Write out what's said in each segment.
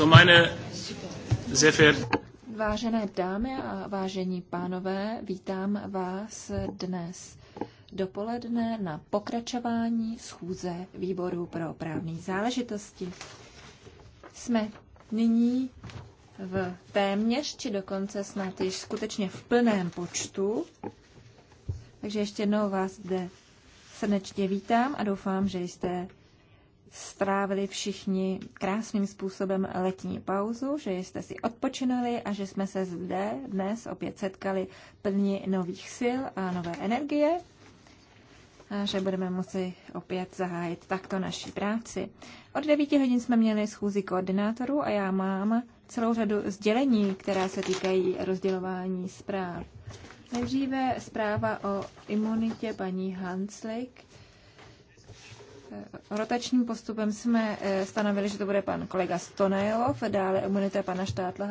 So meine sehr verehrten Vážené dámy a vážení pánové, vítám vás dnes dopoledne na pokračování schůze výboru pro právní záležitosti. Jsme nyní v téměř, či dokonce snad již skutečně v plném počtu. Takže ještě jednou vás zde srdečně vítám a doufám, že jste strávili všichni krásným způsobem letní pauzu, že jste si odpočinuli a že jsme se zde dnes opět setkali plní nových sil a nové energie a že budeme moci opět zahájit takto naší práci. Od 9 hodin jsme měli schůzi koordinátorů a já mám celou řadu sdělení, která se týkají rozdělování zpráv. Nejdříve zpráva o imunitě paní Hanslik Rotačním postupem jsme eh, stanovili, že to bude pan kolega Stonejlov, dále imunita pana Štátla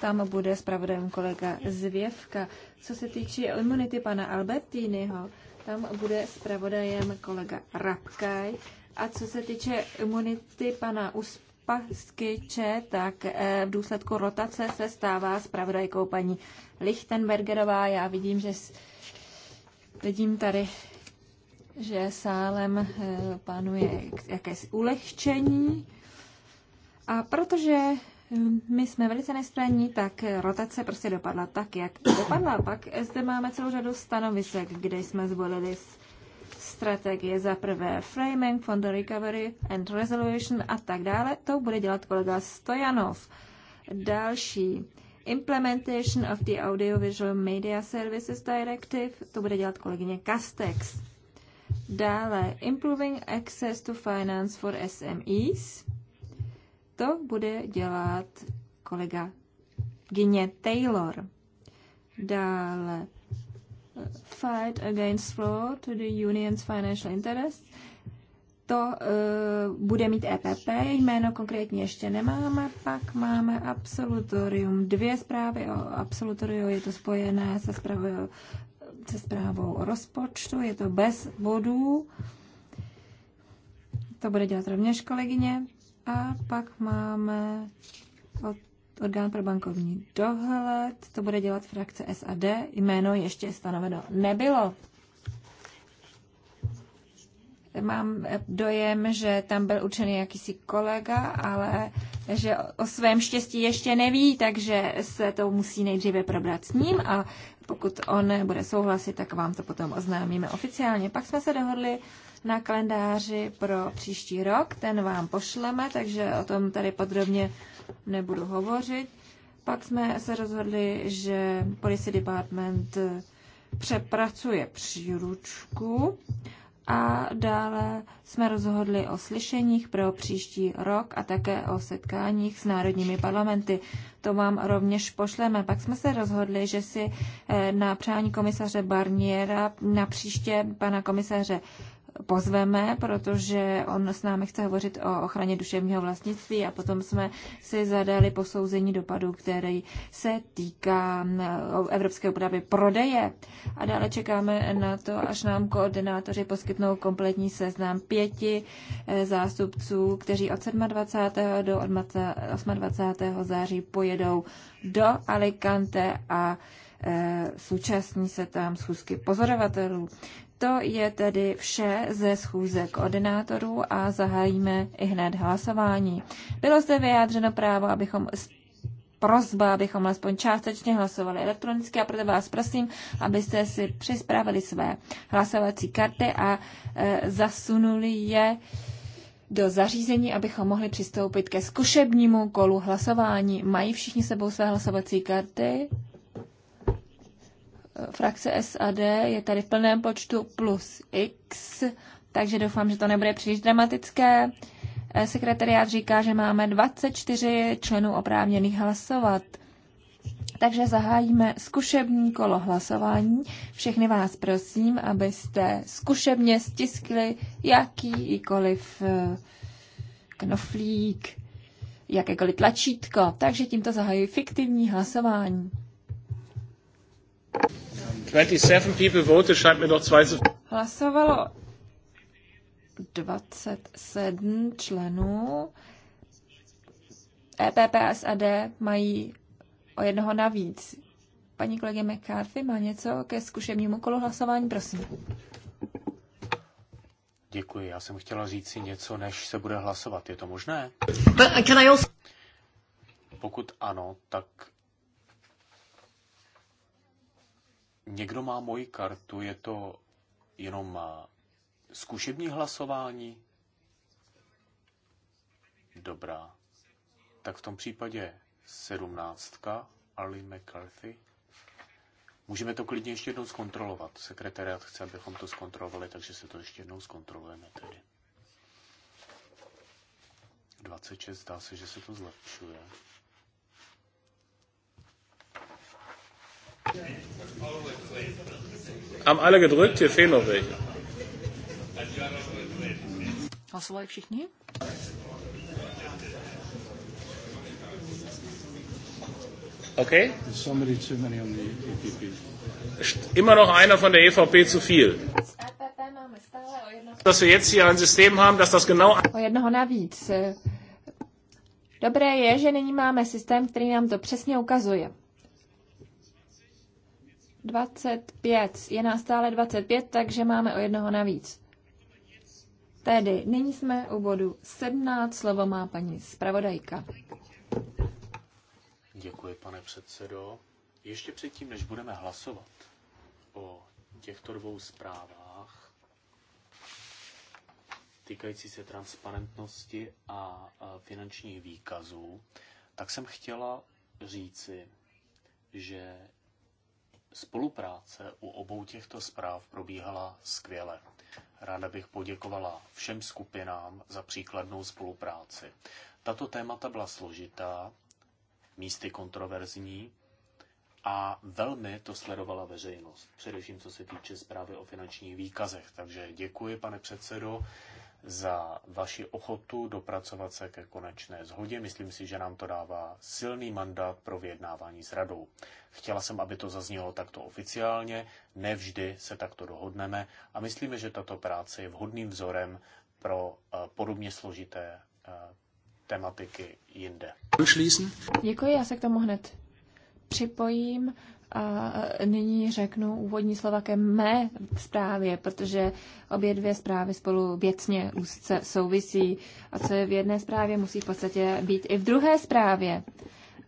tam bude zpravodajem kolega Zvěvka. Co se týče imunity pana Albertínyho, tam bude zpravodajem kolega Rapkaj. A co se týče imunity pana Uspaskyče, tak eh, v důsledku rotace se stává zpravodajkou paní Lichtenbergerová. Já vidím, že vidím tady že sálem eh, panuje jakési ulehčení. A protože eh, my jsme velice nestranní, tak eh, rotace prostě dopadla tak, jak dopadla. Pak zde máme celou řadu stanovisek, kde jsme zvolili strategie za prvé framing, fond recovery and resolution a tak dále. To bude dělat kolega Stojanov. Další implementation of the audiovisual media services directive, to bude dělat kolegyně Castex. Dále Improving Access to Finance for SMEs. To bude dělat kolega Gině Taylor. Dále eh, Fight Against Fraud to the Union's Financial Interests. To uh, bude mít EPP, jméno konkrétně ještě nemáme, pak máme absolutorium, dvě zprávy o absolutoriu, je to spojené se zprávou se zprávou o rozpočtu, je to bez bodů. To bude dělat rovněž kolegyně. A pak máme od orgán pro bankovní dohled, to bude dělat frakce SAD, jméno ještě stanoveno nebylo. Mám dojem, že tam byl učený jakýsi kolega, ale že o svém štěstí ještě neví, takže se to musí nejdříve probrat s ním a pokud on bude souhlasit, tak vám to potom oznámíme oficiálně. Pak jsme se dohodli na kalendáři pro příští rok, ten vám pošleme, takže o tom tady podrobně nebudu hovořit. Pak jsme se rozhodli, že Policy Department přepracuje příručku a dále jsme rozhodli o slyšeních pro příští rok a také o setkáních s národními parlamenty to vám rovněž pošleme. Pak jsme se rozhodli, že si eh, na přání komisaře Barniera, na příště pana komisaře pozveme, protože on s námi chce hovořit o ochraně duševního vlastnictví a potom jsme si zadali posouzení dopadu, který se týká eh, evropské úpravy prodeje. A dále čekáme na to, až nám koordinátoři poskytnou kompletní seznam pěti eh, zástupců, kteří od 27. do 28. září pojedou do Alicante a eh, současní se tam schůzky pozorovatelů. To je tedy vše ze schůze koordinátorů a zahájíme i hned hlasování. Bylo zde vyjádřeno právo, abychom prozba, abychom alespoň částečně hlasovali elektronicky a proto vás prosím, abyste si přispravili své hlasovací karty a e, zasunuli je do zařízení, abychom mohli přistoupit ke zkušebnímu kolu hlasování. Mají všichni sebou své hlasovací karty? frakce SAD je tady v plném počtu plus X, takže doufám, že to nebude příliš dramatické. Eh, sekretariát říká, že máme 24 členů oprávněných hlasovat. Takže zahájíme zkušební kolo hlasování. Všechny vás prosím, abyste zkušebně stiskli jakýkoliv eh, knoflík, jakékoliv tlačítko. Takže tímto zahajuji fiktivní hlasování people Hlasovalo 27 členů. EPP a SAD mají o jednoho navíc. Paní kolegy McCarthy má něco ke zkušebnímu kolu hlasování, prosím. Děkuji, já jsem chtěla říct si něco, než se bude hlasovat. Je to možné? But can I also... Pokud ano, tak Někdo má moji kartu, je to jenom eh, zkušební hlasování? Dobrá. Tak v tom případě sedmnáctka Ali McCarthy. Můžeme to klidně ještě jednou zkontrolovat. Sekretariat chce, abychom to zkontrolovali, takže se to ještě jednou zkontrolujeme tedy. 26, zdá se, že se to zlepšuje. Haben alle gedrückt? Hier fehlen noch welche. Was ich všichni? Okay. Immer noch einer von der EVP zu viel. Dass wir jetzt hier ein System haben, dass das genau... O jednoho navíc. Dobré je, že nyní máme systém, který nám to přesně ukazuje. 25. Je nás stále 25, takže máme o jednoho navíc. Tedy, nyní jsme u bodu 17, slovo má paní zpravodajka. Děkuji, pane předsedo. Ještě předtím, než budeme hlasovat o těchto dvou zprávách týkající se transparentnosti a finančních výkazů, tak jsem chtěla říci, že Spolupráce u obou těchto zpráv probíhala skvěle. Ráda bych poděkovala všem skupinám za příkladnou spolupráci. Tato témata byla složitá, místy kontroverzní a velmi to sledovala veřejnost, především co se týče zprávy o finančních výkazech. Takže děkuji, pane předsedo, za vaši ochotu dopracovat se ke konečné zhodě. Myslím si, že nám to dává silný mandát pro vyjednávání s radou. Chtěla jsem, aby to zaznělo takto oficiálně, nevždy se takto dohodneme a myslíme, že tato práce je vhodným vzorem pro eh, podobně složité eh, tematiky jinde. Děkuji, já se k tomu hned připojím a nyní řeknu úvodní slova ke mé zprávě, protože obě dvě zprávy spolu věcně úzce souvisí a co je v jedné zprávě, musí v podstatě být i v druhé zprávě.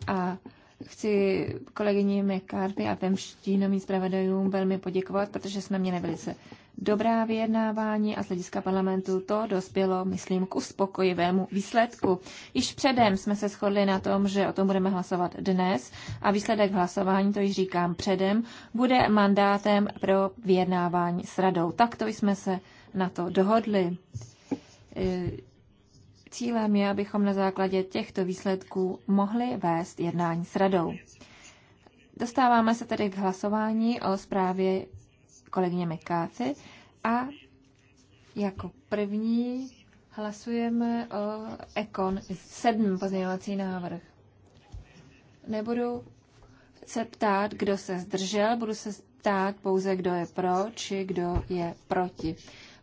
A chci kolegyni McCarthy a všem štínovým zpravodajům velmi poděkovat, protože jsme měli velice dobrá vyjednávání a z hlediska parlamentu to dospělo, myslím, k uspokojivému výsledku. Již předem jsme se shodli na tom, že o tom budeme hlasovat dnes a výsledek hlasování, to již říkám předem, bude mandátem pro vyjednávání s radou. Takto jsme se na to dohodli. E, cílem je, abychom na základě těchto výsledků mohli vést jednání s radou. Dostáváme se tedy k hlasování o zprávě kolegyně McCarthy a jako první hlasujeme o Ekon 7 pozměňovací návrh. Nebudu se ptát, kdo se zdržel, budu se ptát pouze, kdo je pro či kdo je proti.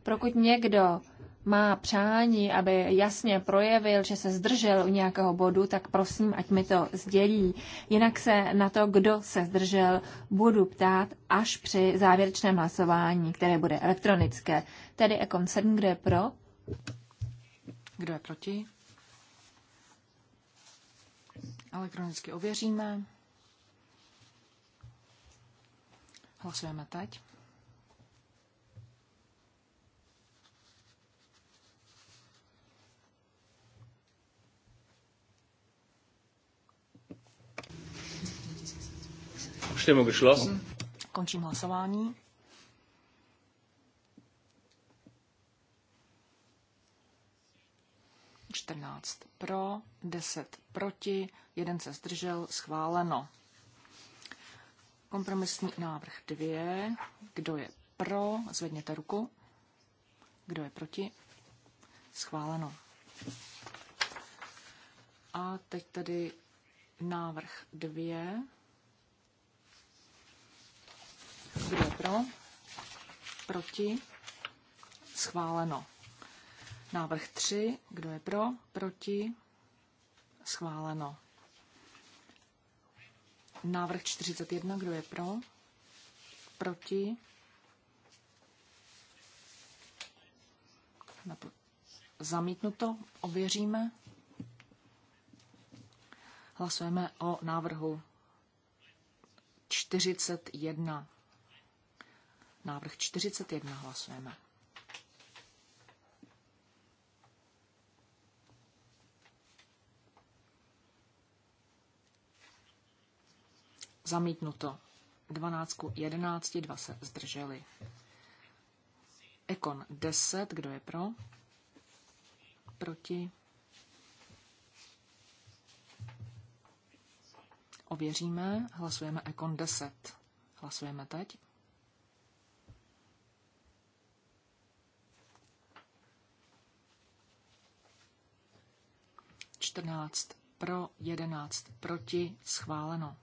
Pokud někdo má přání, aby jasně projevil, že se zdržel u nějakého bodu, tak prosím, ať mi to sdělí. Jinak se na to, kdo se zdržel, budu ptát až při závěrečném hlasování, které bude elektronické. Tedy Ekon 7, kdo je pro? Kdo je proti? Elektronicky ověříme. Hlasujeme teď. Stimme geschlossen. No. Končím hlasování. Čtrnáct pro, deset proti, jeden se zdržel, schváleno. Kompromisní návrh dvě. Kdo je pro, zvedněte ruku. Kdo je proti? Schváleno. A teď tedy návrh dvě. Kdo je pro? Proti? Schváleno. Návrh 3. Kdo je pro? Proti? Schváleno. Návrh 41. Kdo je pro? Proti? Zamítnuto. Ověříme. Hlasujeme o návrhu 41. Návrh 41 hlasujeme. Zamítnuto. 12 k 11, 2 se zdrželi. Ekon 10, kdo je pro? Proti? Ověříme, hlasujeme Ekon 10. Hlasujeme teď. 14 pro, 11 proti, schváleno.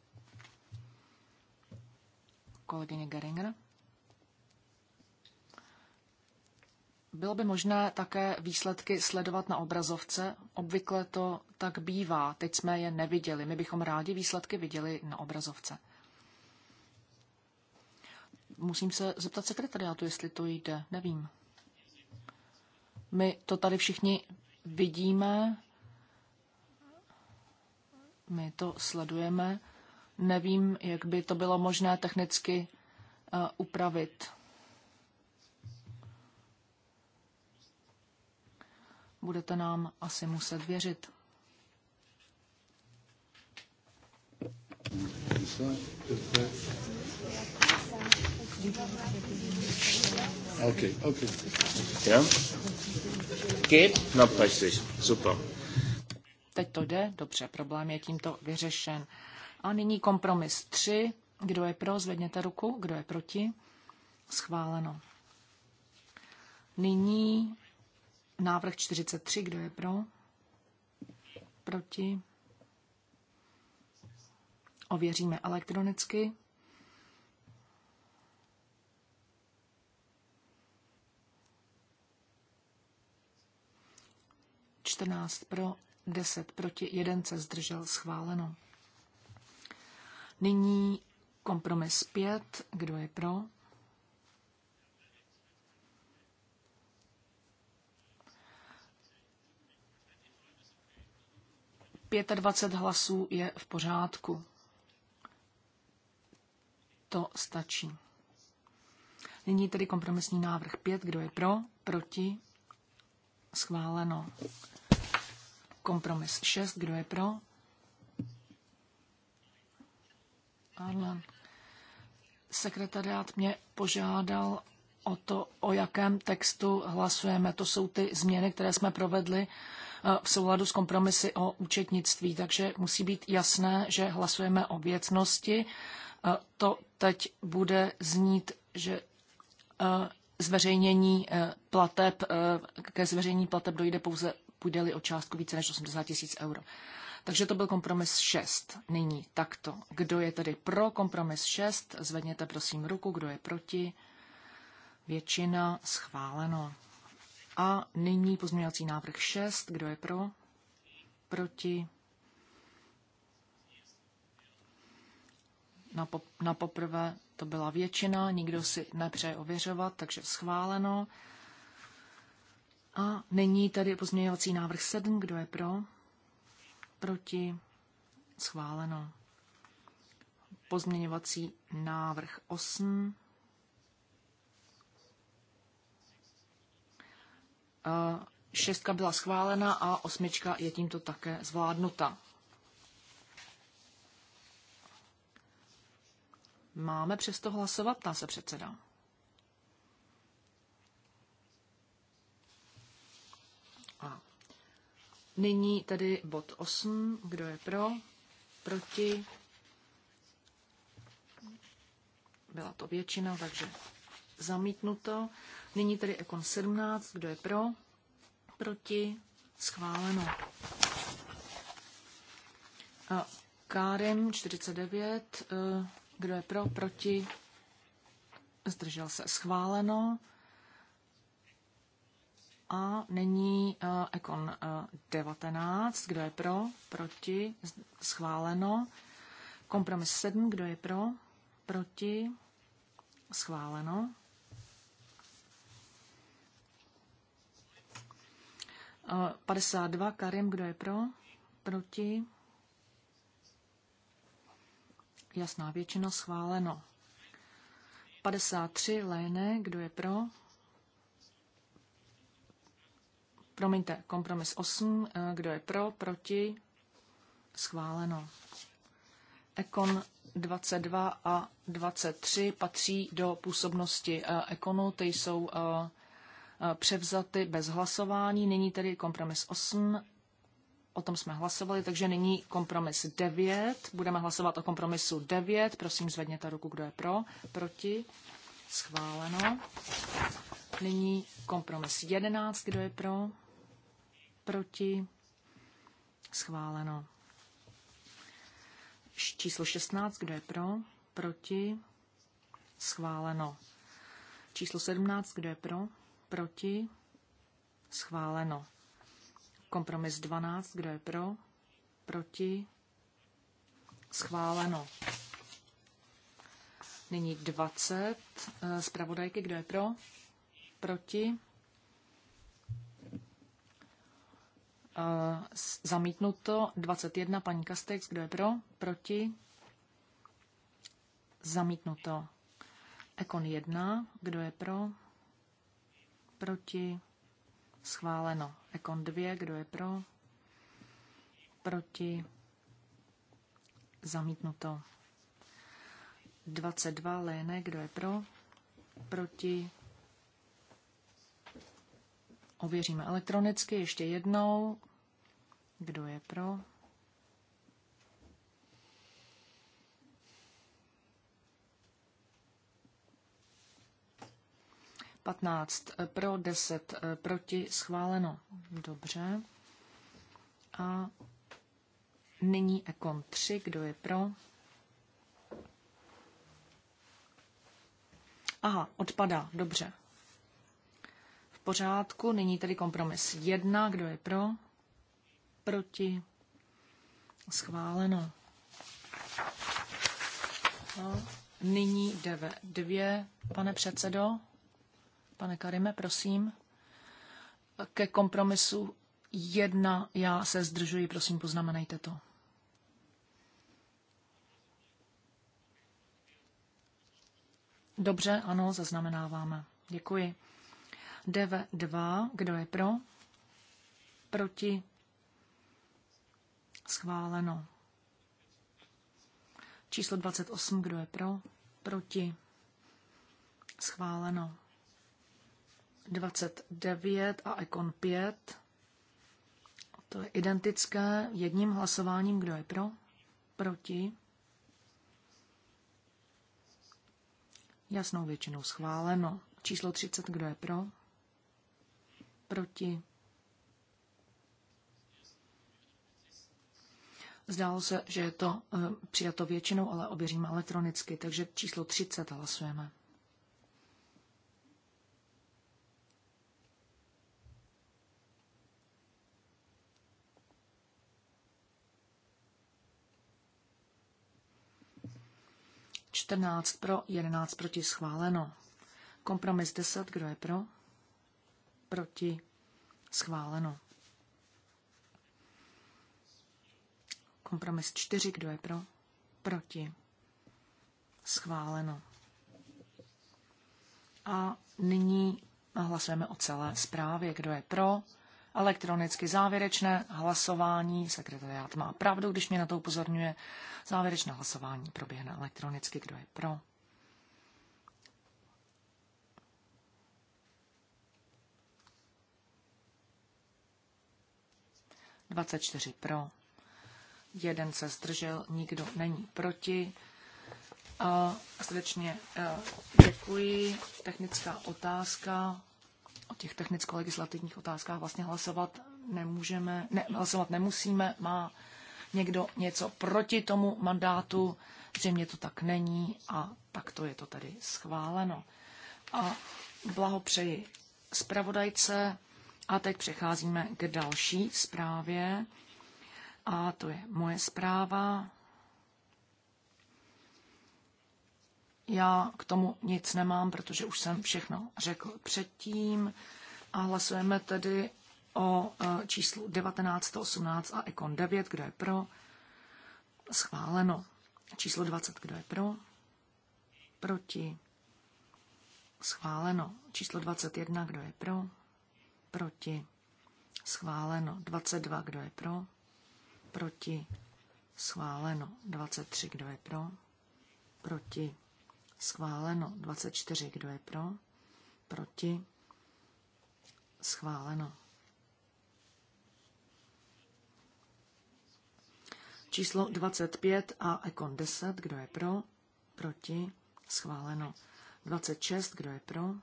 Kolegyně Geringer. Bylo by možné také výsledky sledovat na obrazovce? Obvykle to tak bývá, teď jsme je neviděli. My bychom rádi výsledky viděli na obrazovce. Musím se zeptat sekretariátu, jestli to jde, nevím. My to tady všichni vidíme, my to sledujeme. Nevím, jak by to bylo možné technicky eh, upravit. Budete nám asi muset věřit. Okay, okay. Ja? Geht? Na, no, Super. Teď to jde? Dobře, problém je tímto vyřešen. A nyní kompromis 3. Kdo je pro, zvedněte ruku. Kdo je proti? Schváleno. Nyní návrh 43. Kdo je pro? Proti? Ověříme elektronicky. Čtrnáct pro, 10 proti 1 se zdržel schváleno. Nyní kompromis 5. Kdo je pro? Pětadvacet hlasů je v pořádku. To stačí. Nyní tedy kompromisní návrh pět, Kdo je pro? Proti? Schváleno. Kompromis 6, kdo je pro? Ano. Sekretariát mě požádal o to, o jakém textu hlasujeme. To jsou ty změny, které jsme provedli eh, v souladu s kompromisy o účetnictví. Takže musí být jasné, že hlasujeme o věcnosti. Eh, to teď bude znít, že eh, zveřejnění plateb, ke zveřejnění plateb dojde pouze půjde-li o částku více než 80 tisíc euro. Takže to byl kompromis 6. Nyní takto. Kdo je tedy pro kompromis 6? Zvedněte prosím ruku. Kdo je proti? Většina schváleno. A nyní pozměňovací návrh 6. Kdo je pro? Proti? Na, na poprvé to byla většina, nikdo si nepřeje ověřovat, takže schváleno. A nyní tady pozměňovací návrh 7. Kdo je pro? Proti? Schváleno. Pozměňovací návrh 8. Eh, šestka byla schválena a osmička je tímto také zvládnuta. Máme přesto hlasovat, ptá se předseda. Nyní tedy bod 8. Kdo je pro? Proti? Byla to většina, takže zamítnuto. Nyní tedy Ekon 17. Kdo je pro? Proti? Schváleno. A Kárem 49. Eh, kdo je pro? Proti? Zdržel se. Schváleno. A není nyní eh, Ekon 19, eh, kdo je pro, proti, schváleno. Kompromis 7, kdo je pro, proti, schváleno. Uh, 52, Karim, kdo je pro, proti, jasná většina, schváleno. 53, Léne, kdo je pro, Promiňte, kompromis 8. Eh, kdo je pro, proti? Schváleno. Ekon 22 a 23 patří do působnosti eh, Ekonu, ty jsou eh, převzaty bez hlasování. Nyní tedy kompromis 8, o tom jsme hlasovali, takže nyní kompromis 9. Budeme hlasovat o kompromisu 9. Prosím, zvedněte ruku, kdo je pro, proti. Schváleno. Nyní kompromis 11, kdo je pro, proti, schváleno. Číslo 16, kdo je pro, proti, schváleno. Číslo 17, kdo je pro, proti, schváleno. Kompromis 12, kdo je pro, proti, schváleno. Nyní 20. Eh, zpravodajky, kdo je pro? Proti? Eh, zamítnuto. 21 paní Kastex, kdo je pro? Proti? Zamítnuto. Ekon 1, kdo je pro? Proti? Schváleno. Ekon 2, kdo je pro? Proti? Zamítnuto. 22 Léne, kdo je pro? Proti? Ověříme elektronicky ještě jednou. Kdo je pro? Patnáct eh, pro, deset eh, proti, schváleno. Dobře. A nyní Ekon 3, kdo je pro? Aha, odpadá, dobře. V pořádku, nyní tedy kompromis 1, kdo je pro? proti, schváleno. No, nyní dv dvě, pane předsedo, pane Karime, prosím, ke kompromisu jedna, já se zdržuji, prosím, poznamenejte to. Dobře, ano, zaznamenáváme. Děkuji. DV2, kdo je pro? Proti? Schváleno. Číslo 28, kdo je pro? Proti. Schváleno. 29 a Ekon 5. To je identické jedním hlasováním, kdo je pro? Proti. Jasnou většinou schváleno. Číslo 30, kdo je pro? Proti. Zdálo se, že je to eh, přijato většinou, ale oběříme elektronicky, takže číslo 30 hlasujeme. Čtrnáct pro, jedenáct proti schváleno. Kompromis 10, kdo je pro? Proti schváleno. Kompromis 4, kdo je pro? Proti. Schváleno. A nyní hlasujeme o celé zprávě, kdo je pro. Elektronicky závěrečné hlasování, sekretariát má pravdu, když mě na to upozorňuje, závěrečné hlasování proběhne elektronicky, kdo je pro. Dvacet čtyři pro, jeden se zdržel, nikdo není proti. A srdečně e, děkuji. Technická otázka. O těch technicko-legislativních otázkách vlastně hlasovat nemůžeme, ne, hlasovat nemusíme. Má někdo něco proti tomu mandátu? Zřejmě to tak není a tak to je to tedy schváleno. A blahopřeji zpravodajce. A teď přecházíme k další zprávě a to je moje zpráva. Já k tomu nic nemám, protože už jsem všechno řekl předtím. A hlasujeme tedy o e, číslu 19, 18 a Ekon 9. Kdo je pro? Schváleno. Číslo 20. Kdo je pro? Proti. Schváleno. Číslo 21. Kdo je pro? Proti. Schváleno. 22. Kdo je pro? proti, schváleno 23, kdo je pro, proti, schváleno 24, kdo je pro, proti, schváleno. Číslo 25 a Ekon 10, kdo je pro, proti, schváleno. 26, kdo je pro,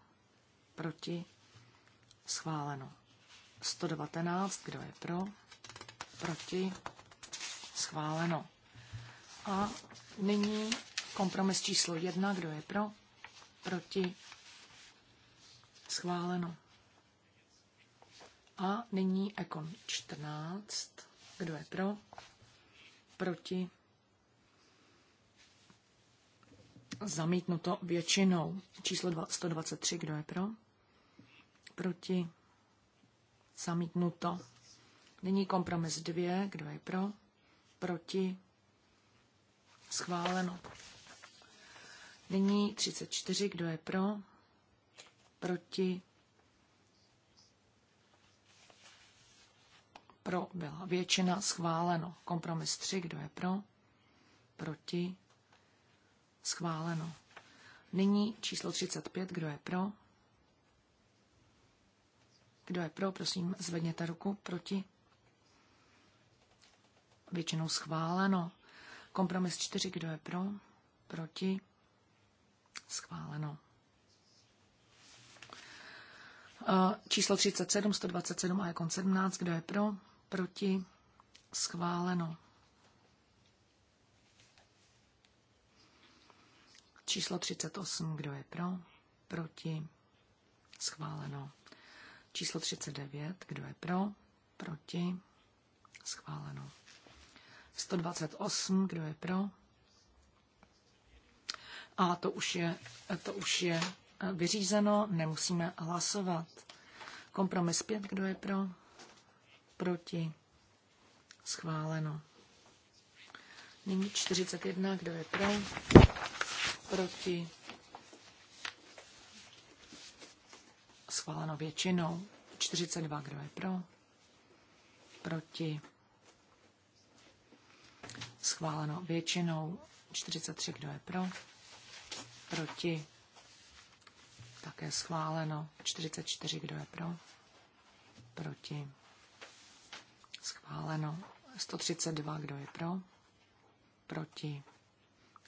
proti, schváleno. 119, kdo je pro, proti, Schváleno. A nyní kompromis číslo jedna. Kdo je pro? Proti? Schváleno. A nyní Ekon 14. Kdo je pro? Proti? Zamítnuto většinou. Číslo 123. Kdo je pro? Proti? Zamítnuto. Nyní kompromis 2. Kdo je pro? proti, schváleno. Nyní 34, kdo je pro, proti, pro byla většina, schváleno. Kompromis 3, kdo je pro, proti, schváleno. Nyní číslo 35, kdo je pro, kdo je pro, prosím, zvedněte ruku, proti, většinou schváleno. Kompromis čtyři, kdo je pro, proti, schváleno. E, číslo 37, 127 a Ekon 17, kdo je pro, proti, schváleno. Číslo 38, kdo je pro, proti, schváleno. Číslo 39, kdo je pro, proti, schváleno. 128, kdo je pro? A to už je, to už je eh, vyřízeno, nemusíme hlasovat. Kompromis 5, kdo je pro? Proti? Schváleno. Nyní 41, kdo je pro? Proti? Schváleno většinou. 42, kdo je pro? Proti? schváleno většinou 43, kdo je pro, proti, také schváleno 44, kdo je pro, proti, schváleno 132, kdo je pro, proti,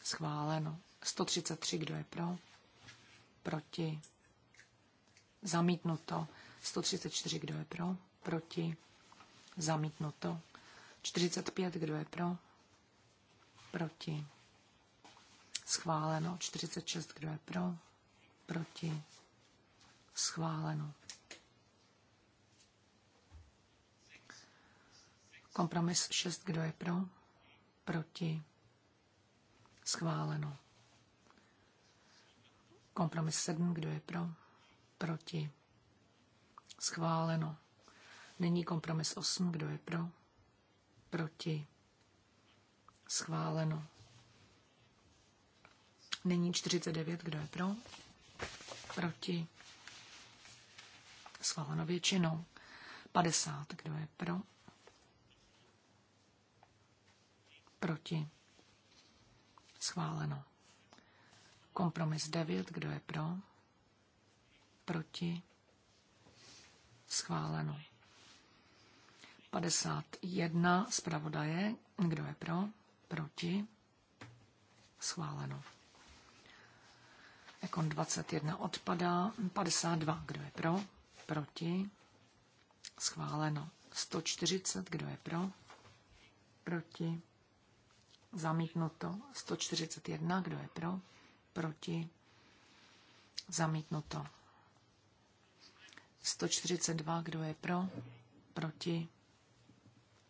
schváleno 133, kdo je pro, proti, zamítnuto 134, kdo je pro, proti, zamítnuto 45, kdo je pro, Proti. Schváleno. 46. Kdo je pro? Proti. Schváleno. Kompromis 6. Kdo je pro? Proti. Schváleno. Kompromis 7. Kdo je pro? Proti. Schváleno. Nyní kompromis 8. Kdo je pro? Proti. Schváleno. Není 49, kdo je pro? Proti. Schváleno většinou. 50, kdo je pro? Proti. Schváleno. Kompromis 9, kdo je pro? Proti. Schváleno. 51 zpravodaje, kdo je pro? Proti? Schváleno. Ekon 21 odpadá. 52. Kdo je pro? Proti? Schváleno. 140. Kdo je pro? Proti? Zamítnuto. 141. Kdo je pro? Proti? Zamítnuto. 142. Kdo je pro? Proti?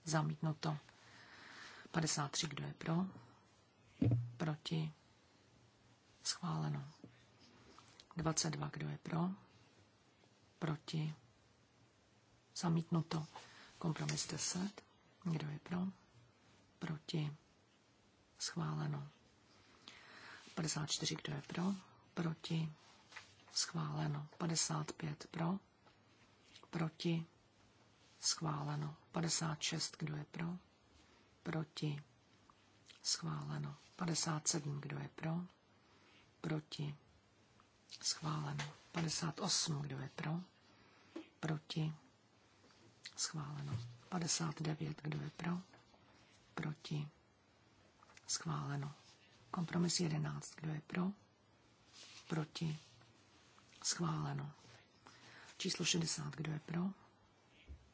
Zamítnuto. 53, kdo je pro? Proti? Schváleno. 22, kdo je pro? Proti? Zamítnuto. Kompromis 10. Kdo je pro? Proti? Schváleno. 54, kdo je pro? Proti? Schváleno. 55 pro? Proti? Schváleno. 56, kdo je pro? Proti. Schváleno. 57. Kdo je pro? Proti. Schváleno. 58. Kdo je pro? Proti. Schváleno. 59. Kdo je pro? Proti. Schváleno. Kompromis 11. Kdo je pro? Proti. Schváleno. Číslo 60. Kdo je pro?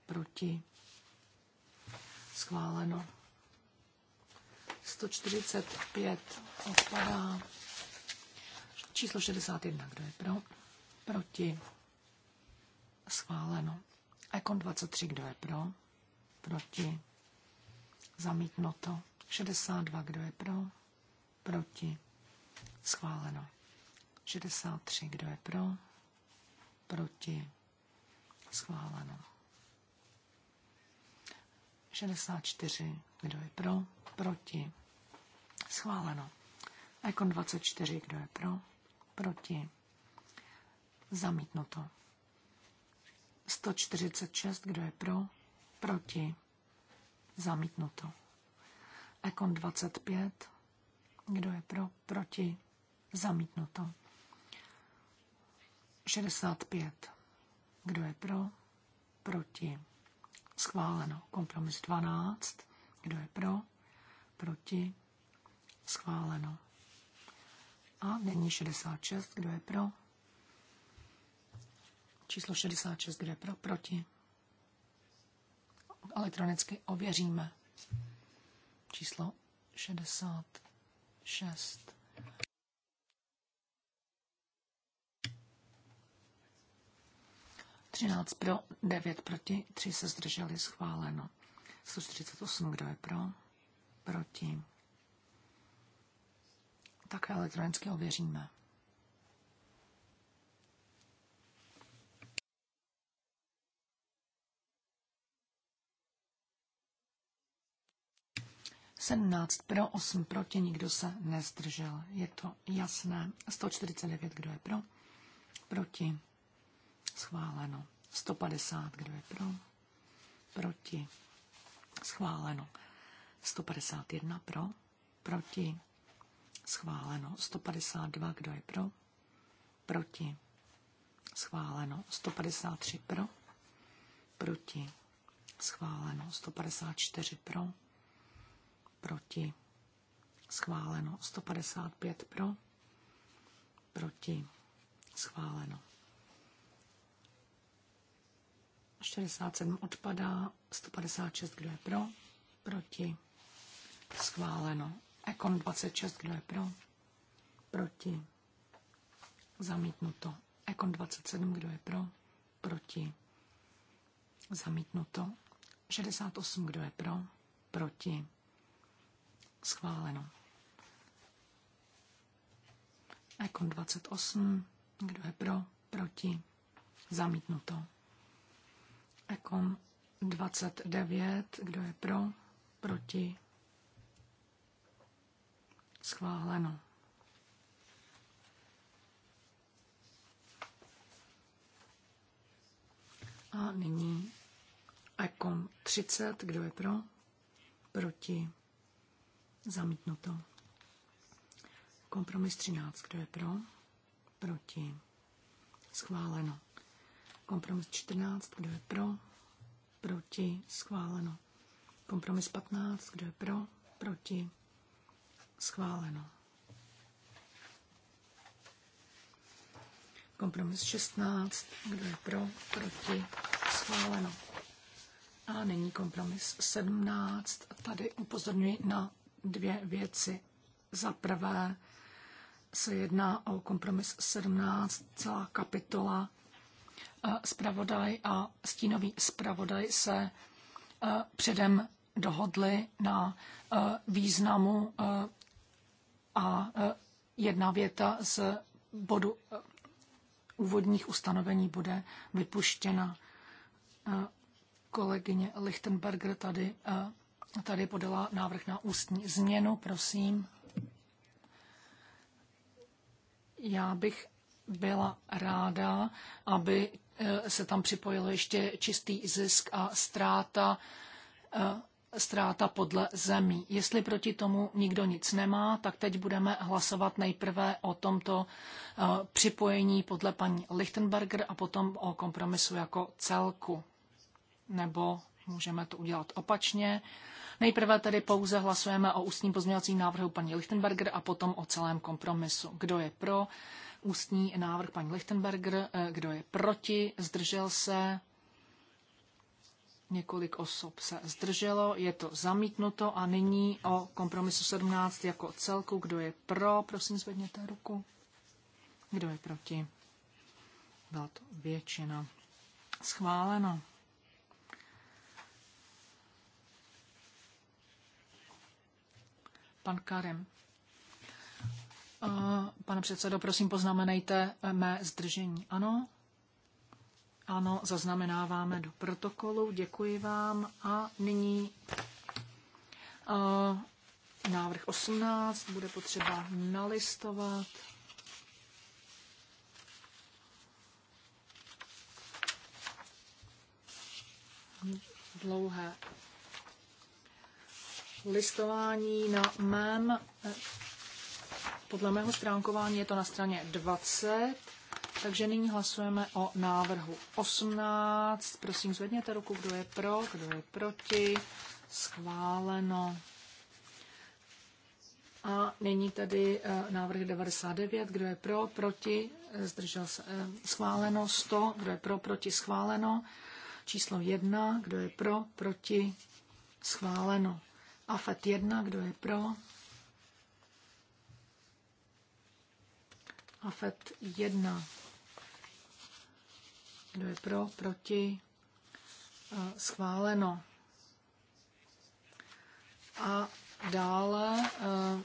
Proti. Schváleno. 145 odpadá. Číslo 61, kdo je pro? Proti. Schváleno. Ekon 23, kdo je pro? Proti. Zamítnuto. 62, kdo je pro? Proti. Schváleno. 63, kdo je pro? Proti. Schváleno. 64, kdo je pro? Proti. Schváleno. Ekon 24. Kdo je pro? Proti. Zamítnuto. 146. Kdo je pro? Proti. Zamítnuto. Ekon 25. Kdo je pro? Proti. Zamítnuto. 65. Kdo je pro? Proti. Schváleno. Kompromis 12. Kdo je pro? Proti? Schváleno. A není 66. Kdo je pro? Číslo 66. Kdo je pro? Proti? Elektronicky ověříme. Číslo 66. Třináct pro, devět proti, tři se zdrželi schváleno. 138, kdo je pro? Proti. Také elektronicky ověříme. Sedmnáct pro, osm proti, nikdo se nezdržel. Je to jasné. 149, kdo je pro? Proti. Schváleno. 150, kdo je pro? Proti Schváleno. 151 pro, proti. Schváleno. 152, kdo je pro, proti. Schváleno. 153 pro, proti. Schváleno. 154 pro, proti. Schváleno. 155 pro, proti. Schváleno. 67 odpadá, 156, kdo je pro, proti, schváleno. Ekon 26, kdo je pro, proti, zamítnuto. Ekon 27, kdo je pro, proti, zamítnuto. 68, kdo je pro, proti, schváleno. Ekon 28, kdo je pro, proti, zamítnuto. Ekon 29. Kdo je pro? Proti? Schváleno. A nyní Ekon 30. Kdo je pro? Proti? Zamítnuto. Kompromis 13. Kdo je pro? Proti? Schváleno. Kompromis 14. Kdo je pro? proti, schváleno. Kompromis 15, kdo je pro, proti, schváleno. Kompromis 16, kdo je pro, proti, schváleno. A nyní kompromis 17. Tady upozorňuji na dvě věci. Za prvé se jedná o kompromis 17, celá kapitola zpravodaj a stínový zpravodaj se e, předem dohodli na e, významu e, a jedna věta z bodu úvodních ustanovení bude vypuštěna. Kolegyně Lichtenberger tady, tady podala návrh na ústní změnu, prosím. Já bych byla ráda, aby Eh, se tam připojil ještě čistý zisk a ztráta, eh, ztráta podle zemí. Jestli proti tomu nikdo nic nemá, tak teď budeme hlasovat nejprve o tomto eh, připojení podle paní Lichtenberger a potom o kompromisu jako celku. Nebo můžeme to udělat opačně. Nejprve tedy pouze hlasujeme o ústním pozměňovacím návrhu paní Lichtenberger a potom o celém kompromisu. Kdo je pro? Ústní návrh paní Lichtenberger, eh, kdo je proti, zdržel se, několik osob se zdrželo, je to zamítnuto a nyní o kompromisu 17 jako celku, kdo je pro, prosím zvedněte ruku, kdo je proti. Byla to většina. Schváleno. Pan Karem Pane předsedo, prosím poznamenejte mé zdržení. Ano? Ano, zaznamenáváme do protokolu. Děkuji vám. A nyní návrh 18 bude potřeba nalistovat. Dlouhé listování na mém podle mého stránkování je to na straně 20, takže nyní hlasujeme o návrhu 18. Prosím, zvedněte ruku, kdo je pro, kdo je proti. Schváleno. A nyní tedy eh, návrh 99, kdo je pro, proti, eh, zdržel se, eh, schváleno, 100, kdo je pro, proti, schváleno, číslo 1, kdo je pro, proti, schváleno. AFET 1, kdo je pro, AFET 1. E, Kdo je pro, proti? Schváleno. A dále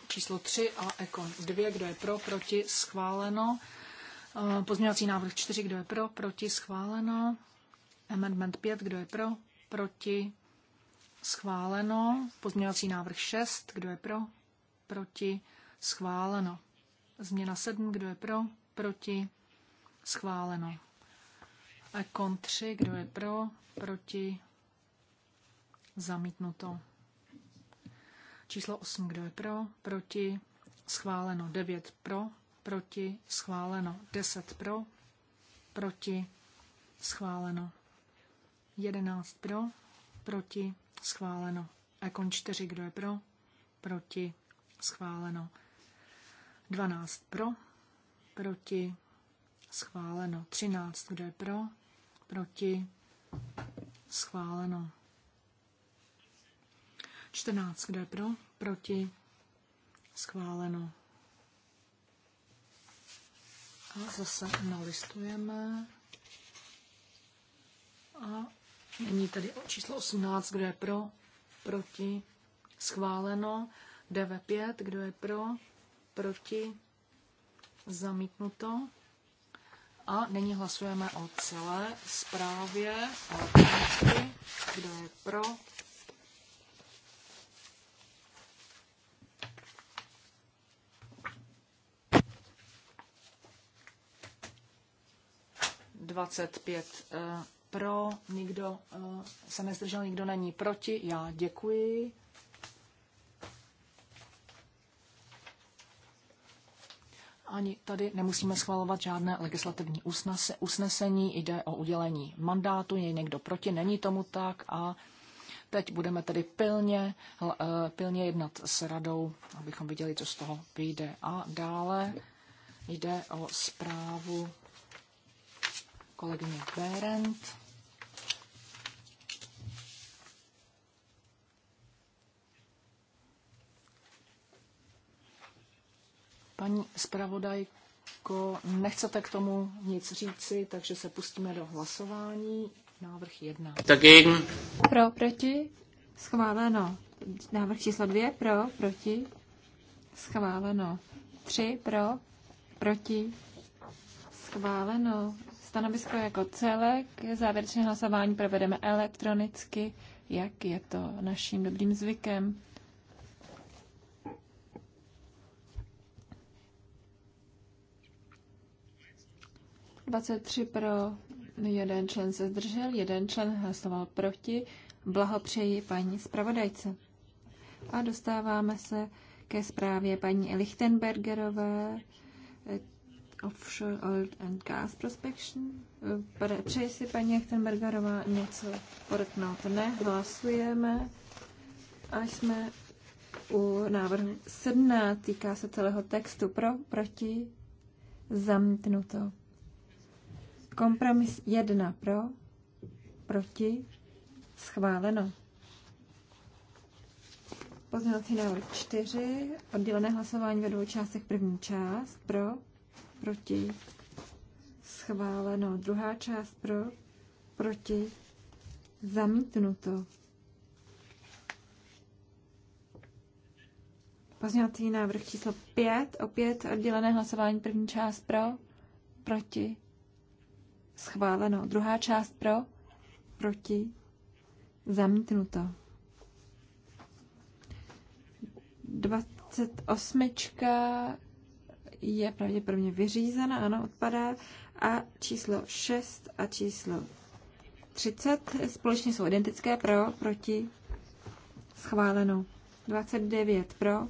číslo 3 a Ekon 2. Kdo je pro, proti? Schváleno. Pozměňovací návrh 4. Kdo je pro, proti? Schváleno. Amendment 5. Kdo je pro, proti? Schváleno. Pozměňovací návrh 6. Kdo je pro, proti? Schváleno. Změna 7, kdo je pro, proti, schváleno. A kon 3, kdo je pro, proti, zamítnuto. Číslo 8, kdo je pro, proti, schváleno. 9 pro, proti, schváleno. 10 pro, proti, schváleno. 11 pro, proti, schváleno. A kon 4, kdo je pro, proti, schváleno. 12 pro, proti, schváleno. 13, kdo je pro, proti, schváleno. 14, kdo je pro, proti, schváleno. A zase nalistujeme. A není tady číslo 18, kdo je pro, proti, schváleno. 9, 5, kdo je pro, proti, zamítnuto. A nyní hlasujeme o celé zprávě elektronicky. Kdo je pro? Dvacet pět eh, pro, nikdo eh, se nezdržel, nikdo není proti. Já děkuji. Ani tady nemusíme schvalovat žádné legislativní usnesení, jde o udělení mandátu, je někdo proti, není tomu tak a teď budeme tedy pilně, eh, pilně jednat s radou, abychom viděli, co z toho vyjde. A dále jde o zprávu kolegyně Berendt. Paní zpravodajko, nechcete k tomu nic říci, takže se pustíme do hlasování. Návrh jedna. Dagegen. Pro, proti, schváleno. Návrh číslo dvě. pro, proti, schváleno. Tři. pro, proti, schváleno. Stanovisko jako celek, závěrečné hlasování provedeme elektronicky, jak je to naším dobrým zvykem. 23 pro, jeden člen se zdržel, jeden člen hlasoval proti. Blahopřeji paní zpravodajce. A dostáváme se ke zprávě paní Lichtenbergerové eh, Offshore Oil and Gas Prospection. Eh, přeji si paní Lichtenbergerová něco podotknout. Ne, hlasujeme. A jsme u návrhu 17. Týká se celého textu pro, proti, zamítnuto. Kompromis 1 pro, proti, schváleno. Pozměnací návrh 4, oddělené hlasování ve dvou částech, první část pro, proti, schváleno. Druhá část pro, proti, zamítnuto. Pozměnací návrh číslo 5, opět oddělené hlasování, první část pro, proti, Schváleno. Druhá část pro? Proti? Zamítnuto. 28 je pravděpodobně vyřízena, ano, odpadá. A číslo 6 a číslo 30 společně jsou identické pro, proti, schváleno. 29 pro,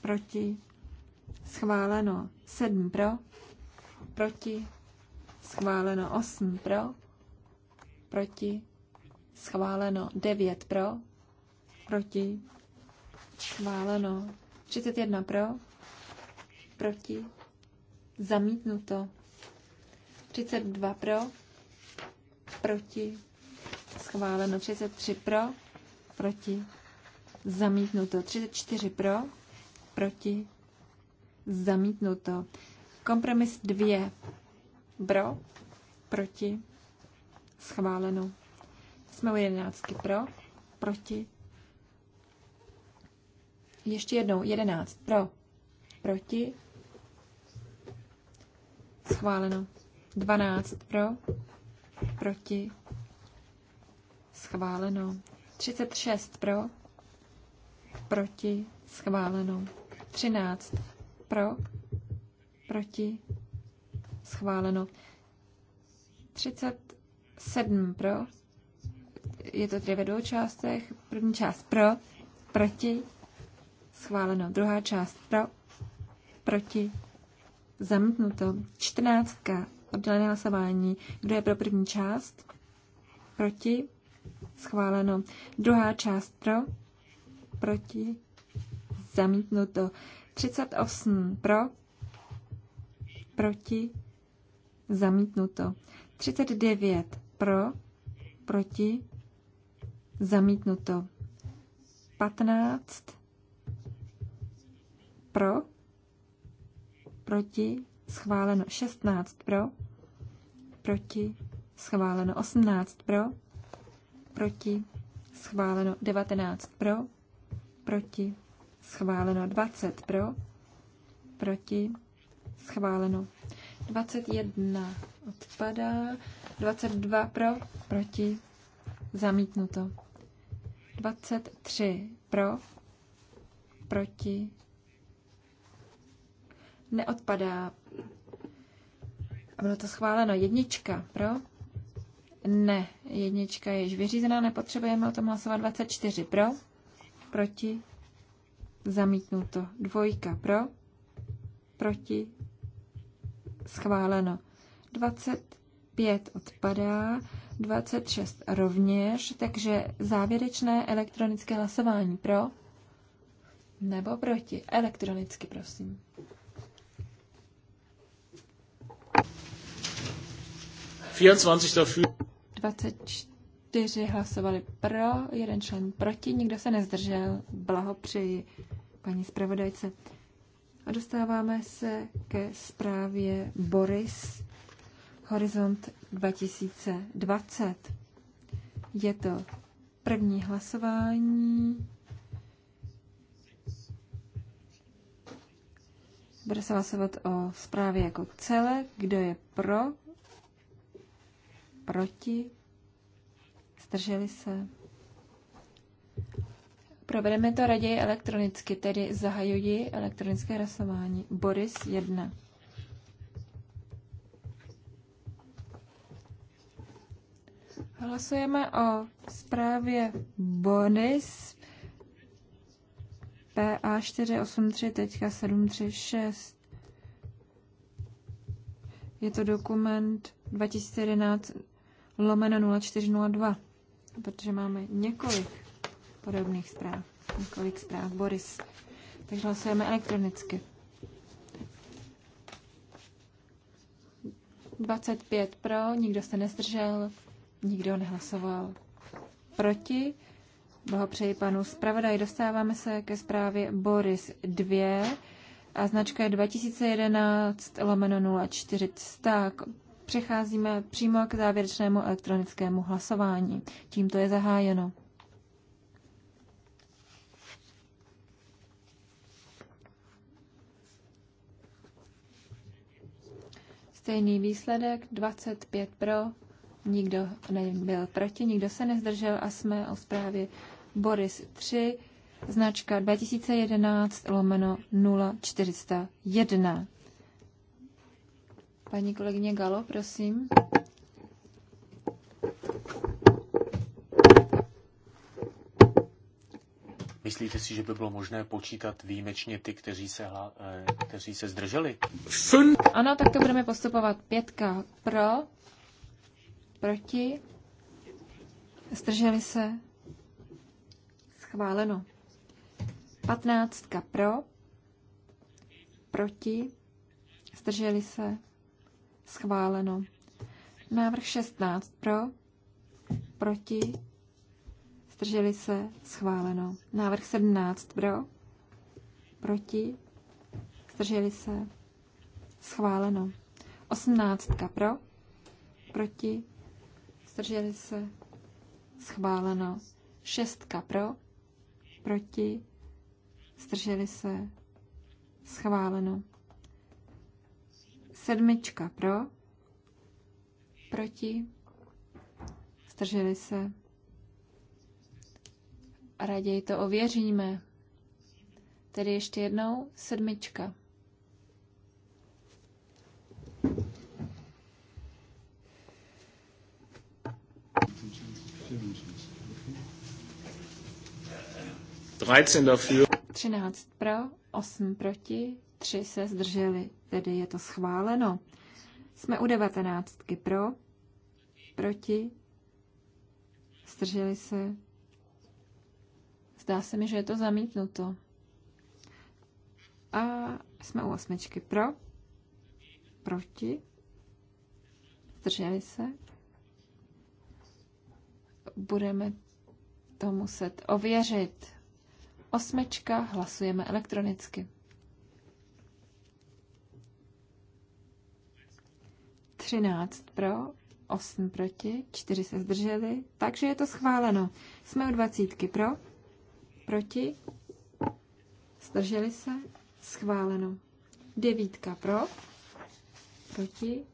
proti, schváleno. 7 pro, proti, schváleno 8 pro, proti, schváleno 9 pro, proti, schváleno 31 pro, proti, zamítnuto 32 pro, proti, schváleno 33 pro, proti, zamítnuto 34 pro, proti, zamítnuto. Kompromis 2 pro, proti, schváleno. Jsme u jedenáctky pro, proti. Ještě jednou, jedenáct pro, proti, schváleno. Dvanáct pro, proti, schváleno. Třicet šest pro, proti, schváleno. Třináct pro, proti, schváleno. 37 pro, je to tedy ve dvou částech. První část pro, proti, schváleno. Druhá část pro, proti, zamítnuto. 14. Oddělené hlasování. Kdo je pro první část? Proti, schváleno. Druhá část pro, proti, zamítnuto. 38 pro, proti, zamítnuto. 39 pro, proti, zamítnuto. 15 pro, proti, schváleno 16 pro, proti, schváleno 18 pro, proti, schváleno 19 pro, proti, schváleno 20 pro, proti, schváleno 21 odpadá. 22 pro, proti, zamítnuto. 23 pro, proti, neodpadá. A bylo to schváleno. Jednička pro, ne, jednička je již vyřízená, nepotřebujeme o tom hlasovat. 24 pro, proti, zamítnuto. Dvojka pro, proti, schváleno. 25 odpadá, 26 rovněž, takže závěrečné elektronické hlasování pro nebo proti. Elektronicky, prosím. Dafür. 24 hlasovali pro, jeden člen proti, nikdo se nezdržel. Blahopřeji paní zpravodajce. A dostáváme se ke zprávě Boris Horizont 2020. Je to první hlasování. Bude se hlasovat o zprávě jako celek. Kdo je pro? Proti? Zdrželi se? Provedeme to raději elektronicky, tedy zahajuji elektronické hlasování. Boris 1. Hlasujeme o zprávě Boris PA483.736. Je to dokument 2011 lomeno 0402, protože máme několik podobných zpráv. Několik zpráv. Boris. Takže hlasujeme elektronicky. 25 pro, nikdo se nezdržel, nikdo nehlasoval proti. Blahopřeji panu zpravodaj. Dostáváme se ke zprávě Boris 2 a značka je 2011 lomeno 04. Tak přecházíme přímo k závěrečnému elektronickému hlasování. Tímto je zahájeno. Stejný výsledek, 25 pro, nikdo nebyl proti, nikdo se nezdržel a jsme o zprávě Boris 3, značka 2011 lomeno 0401. Paní kolegyně Galo, prosím. Myslíte si, že by bylo možné počítat výjimečně ty, kteří se, hla, eh, kteří se zdrželi? Ano, tak to budeme postupovat. Pětka pro, proti, zdrželi se, schváleno. Patnáctka pro, proti, zdrželi se, schváleno. Návrh 16 pro, proti, Zdrželi se? Schváleno. Návrh 17 pro? Proti? Zdrželi se? Schváleno. 18 pro? Proti? Zdrželi se? Schváleno. 6 pro? Proti? Zdrželi se? Schváleno. Sedmička pro? Proti? Zdrželi se? a raději to ověříme. Tedy ještě jednou sedmička. Třináct pro, 8 proti, 3 se zdrželi, tedy je to schváleno. Jsme u 19 pro, proti, zdrželi se, Zdá se mi, že je to zamítnuto. A jsme u osmičky. Pro? Proti? Zdrželi se? Budeme to muset ověřit. Osmička, hlasujeme elektronicky. Třináct pro, osm proti, čtyři se zdrželi, takže je to schváleno. Jsme u dvacítky pro. Proti? Zdrželi se? Schváleno. Devítka pro? Proti?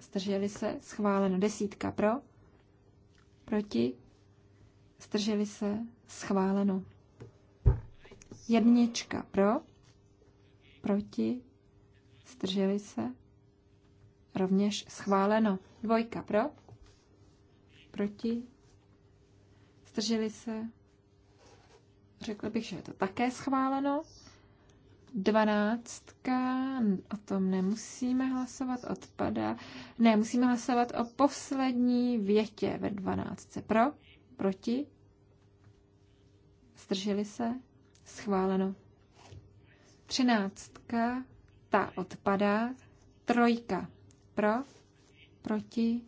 Zdrželi se? Schváleno. Desítka pro? Proti? Zdrželi se? Schváleno. Jednička pro? Proti? Zdrželi se? Rovněž schváleno. Dvojka pro? Proti? Zdrželi se? Řekl bych, že je to také schváleno. Dvanáctka, o tom nemusíme hlasovat, odpada. Ne, musíme hlasovat o poslední větě ve dvanáctce. Pro, proti, zdrželi se, schváleno. Třináctka, ta odpadá. Trojka, pro, proti,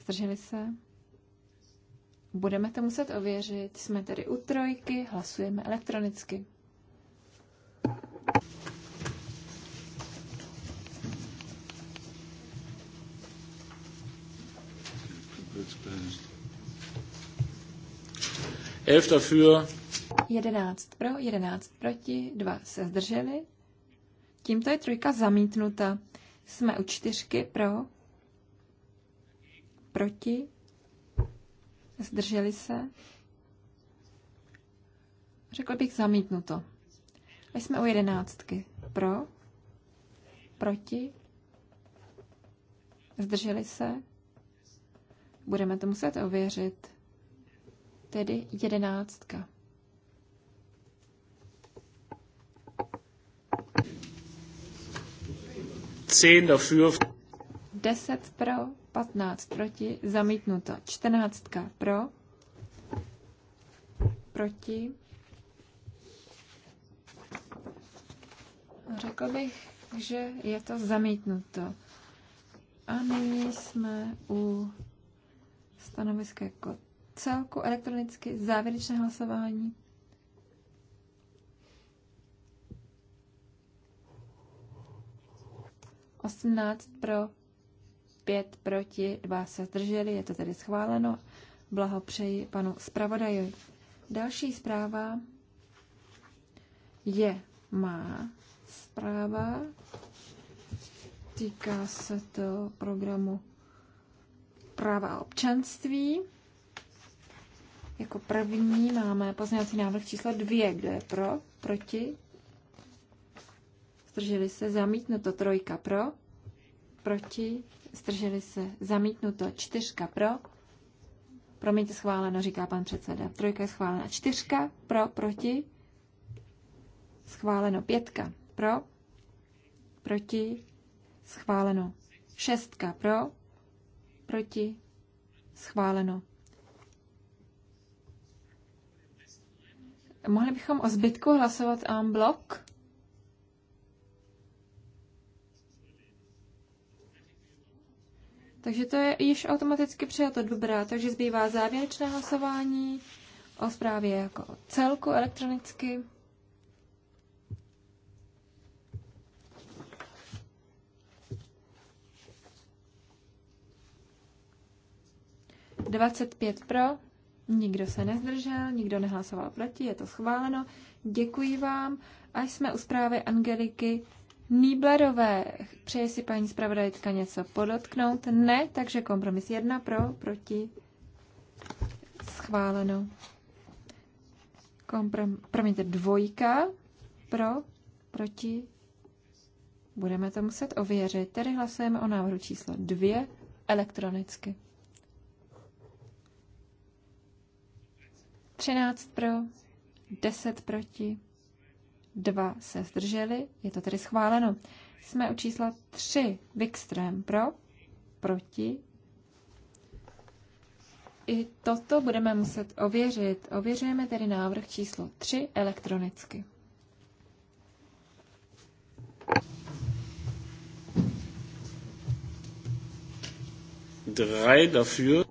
zdrželi se, Budeme to muset ověřit. Jsme tedy u trojky, hlasujeme elektronicky. Elf 11 pro, 11 proti, 2 se zdrželi. Tímto je trojka zamítnuta. Jsme u čtyřky pro, proti, zdrželi se, řekl bych zamítnuto. A jsme u jedenáctky. Pro, proti, zdrželi se, budeme to muset ověřit, tedy jedenáctka. Deset pro, 15 proti, zamítnuto. 14 pro, proti. Řekl bych, že je to zamítnuto. A nyní jsme u stanoviska jako celku elektronicky závěrečné hlasování. Osmnáct pro, 5 proti, 2 se zdrželi, je to tedy schváleno. Blahopřeji panu zpravodaji. Další zpráva je má zpráva. Týká se to programu práva a občanství. Jako první máme pozměňovací návrh číslo 2, kde je pro, proti. Zdrželi se zamítnuto trojka pro, proti, zdrželi se, zamítnuto, čtyřka pro, promiňte, schváleno, říká pan předseda, trojka je schválena, čtyřka pro, proti, schváleno, pětka pro, proti, schváleno, šestka pro, proti, schváleno. Mohli bychom o zbytku hlasovat en blok? Takže to je již automaticky přijato dobrá, takže zbývá závěrečné hlasování o zprávě jako celku elektronicky. Dvacet pět pro, nikdo se nezdržel, nikdo nehlasoval proti, je to schváleno. Děkuji vám. Až jsme u zprávy Angeliky Nýblerové, přeje si paní zpravodajka něco podotknout? Ne, takže kompromis jedna pro, proti, schváleno. Komprom, promiňte, dvojka pro, proti, budeme to muset ověřit. Tedy hlasujeme o návrhu číslo dvě elektronicky. 13 pro, 10 proti dva se zdrželi, je to tedy schváleno. Jsme u čísla 3, Wikström pro, proti. I toto budeme muset ověřit. Ověřujeme tedy návrh číslo 3 elektronicky. Drei dafür.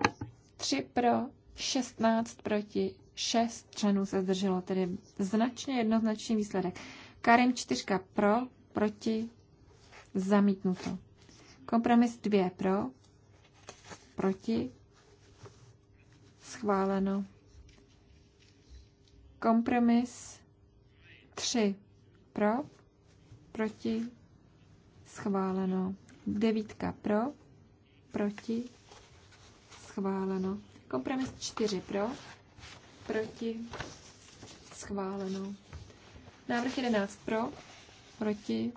3 pro, 16 proti, 6 členů se zdrželo, tedy značně jednoznačný výsledek. Karim 4 pro, proti, zamítnuto. Kompromis 2 pro, proti, schváleno. Kompromis 3 pro, proti, schváleno. Devítka pro, proti, schváleno. Kompromis 4 pro, proti, schváleno. Návrh 11 pro, proti,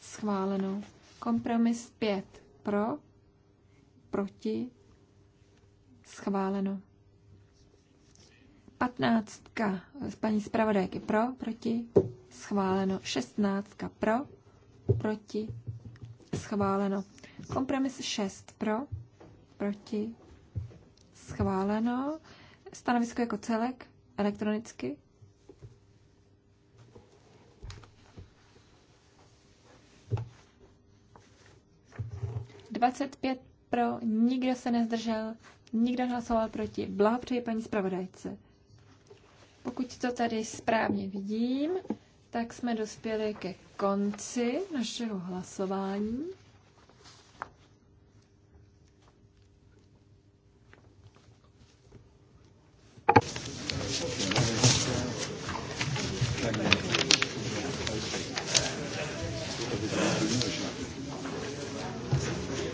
schváleno. Kompromis 5 pro, proti, schváleno. 15 paní zpravodajky pro, proti, schváleno. 16 pro, proti, schváleno. Kompromis 6 pro, proti, schváleno. Stanovisko jako celek elektronicky. Dvacet pět pro, nikdo se nezdržel, nikdo hlasoval proti. Blahopřeji paní zpravodajce. Pokud to tady správně vidím, tak jsme dospěli ke konci našeho hlasování.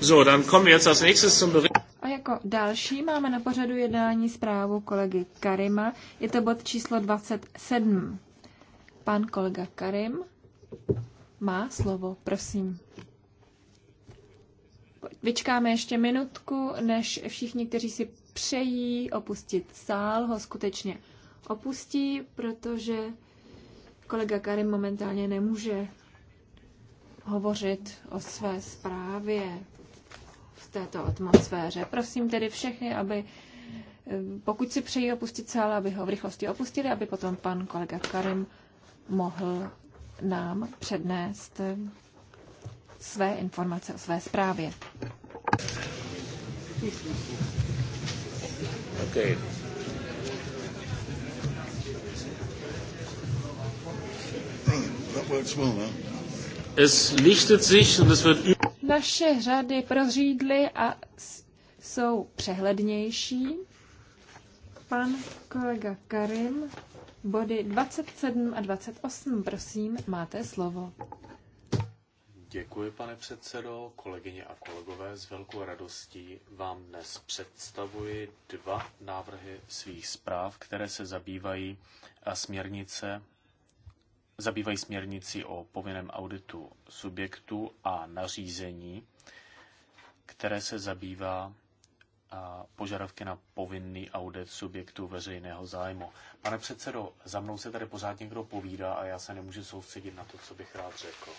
So, dann kommen wir jetzt als nächstes zum Bericht. A jako další máme na pořadu jednání zprávu kolegy Karima. Je to bod číslo 27. Pan kolega Karim má slovo, prosím. Vyčkáme ještě minutku, než všichni, kteří si přejí opustit sál, ho skutečně opustí, protože kolega Karim momentálně nemůže hovořit o své zprávě této atmosféře. Prosím tedy všechny, aby eh, pokud si přejí opustit sál, aby ho v rychlosti opustili, aby potom pan kolega Karim mohl nám přednést eh, své informace o své zprávě. Okay. That works well huh? Es lichtet sich und es wird Naše řady prořídly a jsou přehlednější. Pan kolega Karim, body 27 a 28, prosím, máte slovo. Děkuji, pane předsedo, kolegyně a kolegové. S velkou radostí vám dnes představuji dva návrhy svých zpráv, které se zabývají a směrnice zabývají směrnici o povinném auditu subjektu a nařízení, které se zabývá požadavky na povinný audit subjektu veřejného zájmu. Pane předsedo, za mnou se tady pořád někdo povídá a já se nemůžu soustředit na to, co bych rád řekl.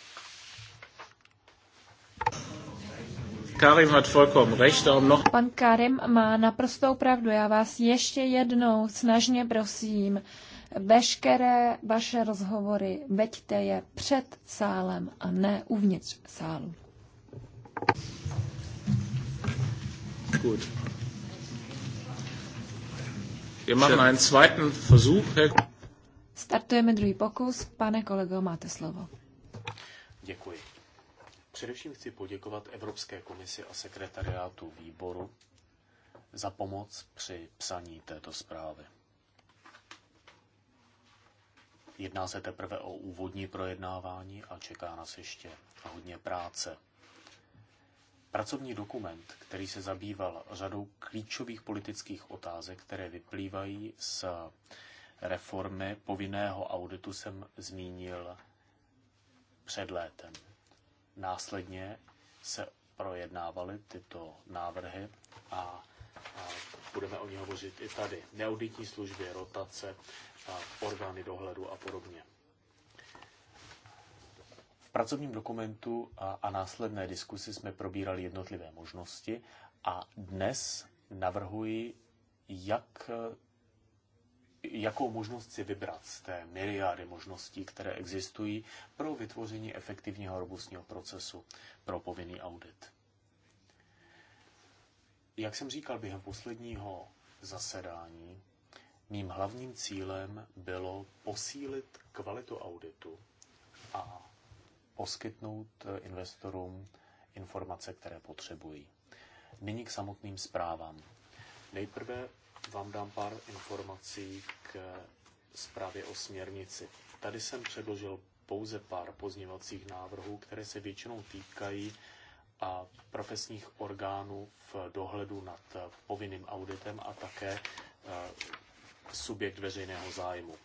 Karim hat vollkommen recht, darum noch... Pan Karim má naprostou pravdu. Já vás ještě jednou snažně prosím, Veškeré vaše rozhovory veďte je před sálem a ne uvnitř sálu. Gut. Wir machen einen zweiten Versuch. Startujeme druhý pokus. Pane kolego, máte slovo. Děkuji. Především chci poděkovat Evropské komisi a sekretariátu výboru za pomoc při psaní této zprávy. Jedná se teprve o úvodní projednávání a čeká nás ještě hodně práce. Pracovní dokument, který se zabýval řadou klíčových politických otázek, které vyplývají z reformy povinného auditu, jsem zmínil před létem. Následně se projednávaly tyto návrhy a a budeme o ní hovořit i tady. Neauditní služby, rotace, orgány dohledu a podobně. V pracovním dokumentu a, a následné diskusi jsme probírali jednotlivé možnosti a dnes navrhuji, jak, jakou možnost si vybrat z té miliardy možností, které existují pro vytvoření efektivního robustního procesu pro povinný audit. Jak jsem říkal během posledního zasedání, mým hlavním cílem bylo posílit kvalitu auditu a poskytnout eh, investorům informace, které potřebují. Nyní k samotným zprávám. Nejprve vám dám pár informací k zprávě o směrnici. Tady jsem předložil pouze pár pozněvacích návrhů, které se většinou týkají a profesních orgánů v dohledu nad povinným auditem a také eh, subjekt veřejného zájmu.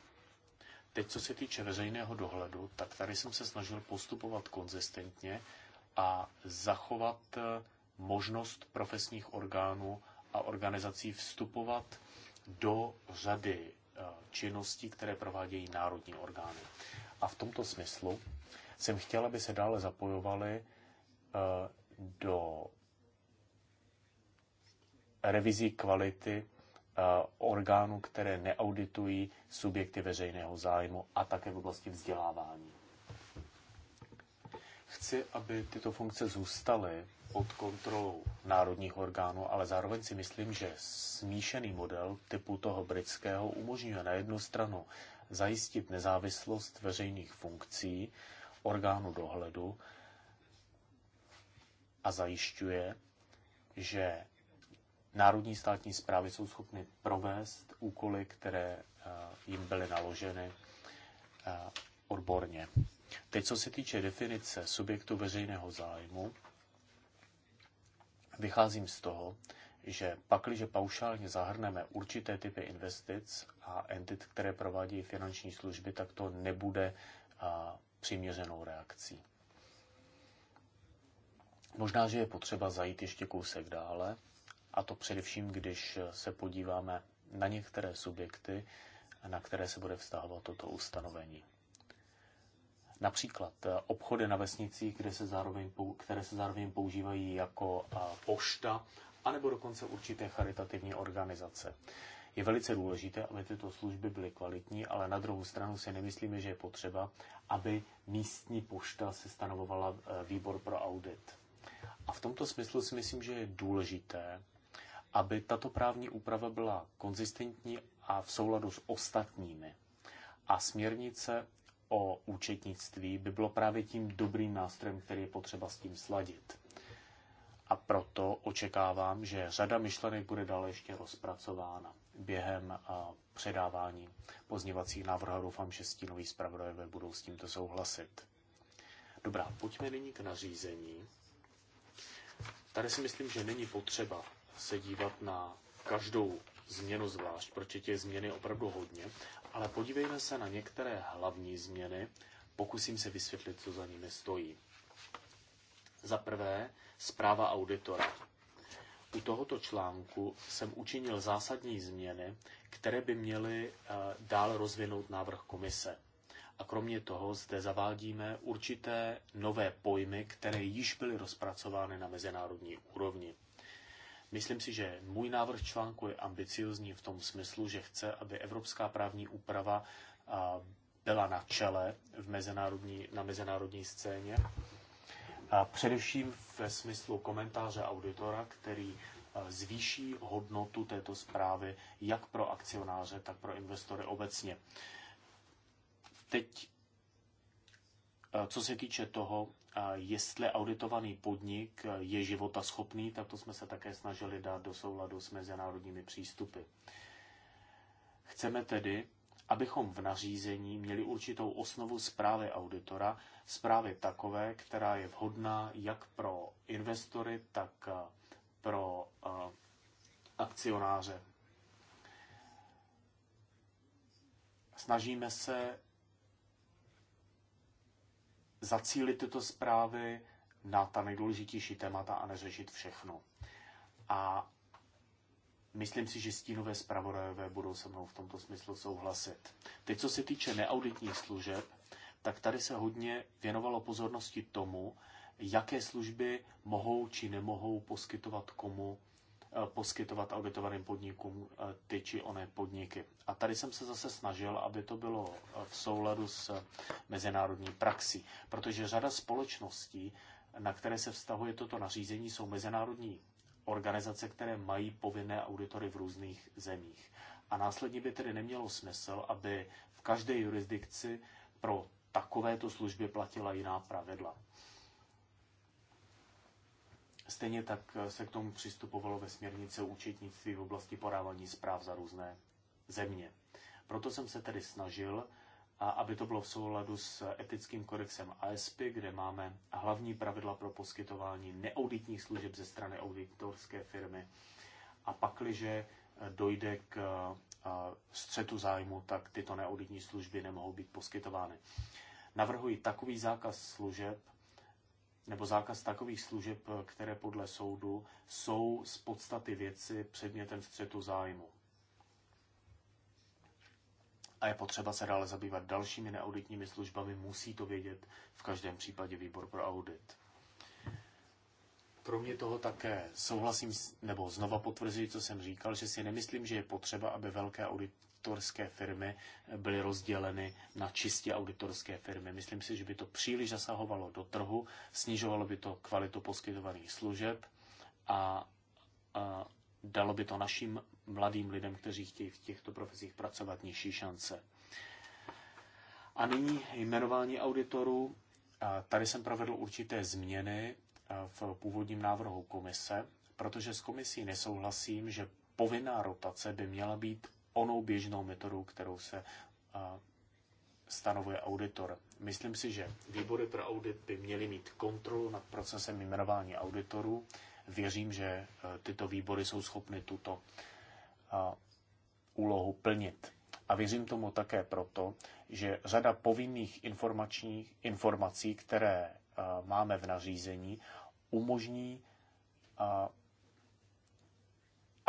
Teď, co se týče veřejného dohledu, tak tady jsem se snažil postupovat konzistentně a zachovat eh, možnost profesních orgánů a organizací vstupovat do řady eh, činností, které provádějí národní orgány. A v tomto smyslu jsem chtěl, aby se dále zapojovaly do revizí kvality eh, orgánů, které neauditují subjekty veřejného zájmu a také v oblasti vzdělávání. Chci, aby tyto funkce zůstaly pod kontrolou národních orgánů, ale zároveň si myslím, že smíšený model typu toho britského umožňuje na jednu stranu zajistit nezávislost veřejných funkcí, orgánu dohledu a zajišťuje, že národní státní zprávy jsou schopny provést úkoly, které eh, jim byly naloženy eh, odborně. Teď, co se týče definice subjektu veřejného zájmu, vycházím z toho, že pakliže paušálně zahrneme určité typy investic a entit, které provádějí finanční služby, tak to nebude eh, přiměřenou reakcí. Možná, že je potřeba zajít ještě kousek dále, a to především, když se podíváme na některé subjekty, na které se bude vztahovat toto ustanovení. Například eh, obchody na vesnicích, kde se zároveň, které se zároveň používají jako eh, pošta, anebo dokonce určité charitativní organizace. Je velice důležité, aby tyto služby byly kvalitní, ale na druhou stranu si nemyslíme, že je potřeba, aby místní pošta se stanovovala eh, výbor pro audit. A v tomto smyslu si myslím, že je důležité, aby tato právní úprava byla konzistentní a v souladu s ostatními. A směrnice o účetnictví by bylo právě tím dobrým nástrojem, který je potřeba s tím sladit. A proto očekávám, že řada myšlenek bude dále ještě rozpracována během předávání pozněvacích návrhů doufám, že stínoví zpravodajové budou s tímto souhlasit. Dobrá, pojďme nyní k nařízení tady si myslím, že není potřeba se dívat na každou změnu zvlášť, protože těch změn je opravdu hodně, ale podívejme se na některé hlavní změny, pokusím se vysvětlit, co za nimi stojí. Za prvé, zpráva auditora. U tohoto článku jsem učinil zásadní změny, které by měly eh, dál rozvinout návrh komise. A kromě toho zde zavádíme určité nové pojmy, které již byly rozpracovány na mezinárodní úrovni. Myslím si, že můj návrh článku je ambiciozní v tom smyslu, že chce, aby evropská právní úprava byla na čele v mezinárodní, na mezinárodní scéně. A především ve smyslu komentáře auditora, který zvýší hodnotu této zprávy jak pro akcionáře, tak pro investory obecně. Teď, eh, co se týče toho, eh, jestli auditovaný podnik eh, je životaschopný, tak to jsme se také snažili dát do souladu s mezinárodními přístupy. Chceme tedy, abychom v nařízení měli určitou osnovu zprávy auditora, zprávy takové, která je vhodná jak pro investory, tak pro akcionáře. Snažíme se zacílit tyto zprávy na ta nejdůležitější témata a neřešit všechno. A myslím si, že stínové zpravodajové budou se mnou v tomto smyslu souhlasit. Teď, co se týče neauditních služeb, tak tady se hodně věnovalo pozornosti tomu, jaké služby mohou či nemohou poskytovat komu Eh, poskytovat auditovaným podnikům eh, ty či oné podniky. A tady jsem se zase snažil, aby to bylo eh, v souladu s mezinárodní praxí, protože řada společností, na které se vztahuje toto nařízení, jsou mezinárodní organizace, které mají povinné auditory v různých zemích. A následně by tedy nemělo smysl, aby v každé jurisdikci pro takovéto služby platila jiná pravidla. Stejně tak se k tomu přistupovalo ve směrnice účetnictví v oblasti podávání zpráv za různé země. Proto jsem se tedy snažil, aby to bylo v souladu s etickým kodexem ASP, kde máme hlavní pravidla pro poskytování neauditních služeb ze strany auditorské firmy. A pakliže dojde k střetu zájmu, tak tyto neauditní služby nemohou být poskytovány. Navrhuji takový zákaz služeb, nebo zákaz takových služeb, eh, které podle soudu jsou z podstaty věci předmětem střetu zájmu. A je potřeba se dále zabývat dalšími neauditními službami, musí to vědět v každém případě výbor pro audit. Kromě toho také souhlasím, nebo znova potvrzuji, co jsem říkal, že si nemyslím, že je potřeba, aby velké audit, auditorské firmy byly rozděleny na čistě auditorské firmy. Myslím si, že by to příliš zasahovalo do trhu, snižovalo by to kvalitu poskytovaných služeb a, a dalo by to našim mladým lidem, kteří chtějí v těchto profesích pracovat, nižší šance. A nyní jmenování auditorů. Tady jsem provedl určité změny v původním návrhu komise, protože s komisí nesouhlasím, že povinná rotace by měla být onou běžnou metodou, kterou se stanovuje auditor. Myslím si, že výbory pro audit by měly mít kontrolu nad procesem jmenování auditorů. Věřím, že e, tyto výbory jsou schopny tuto úlohu plnit. A věřím tomu také proto, že řada povinných informačních informací, které e, máme v nařízení, umožní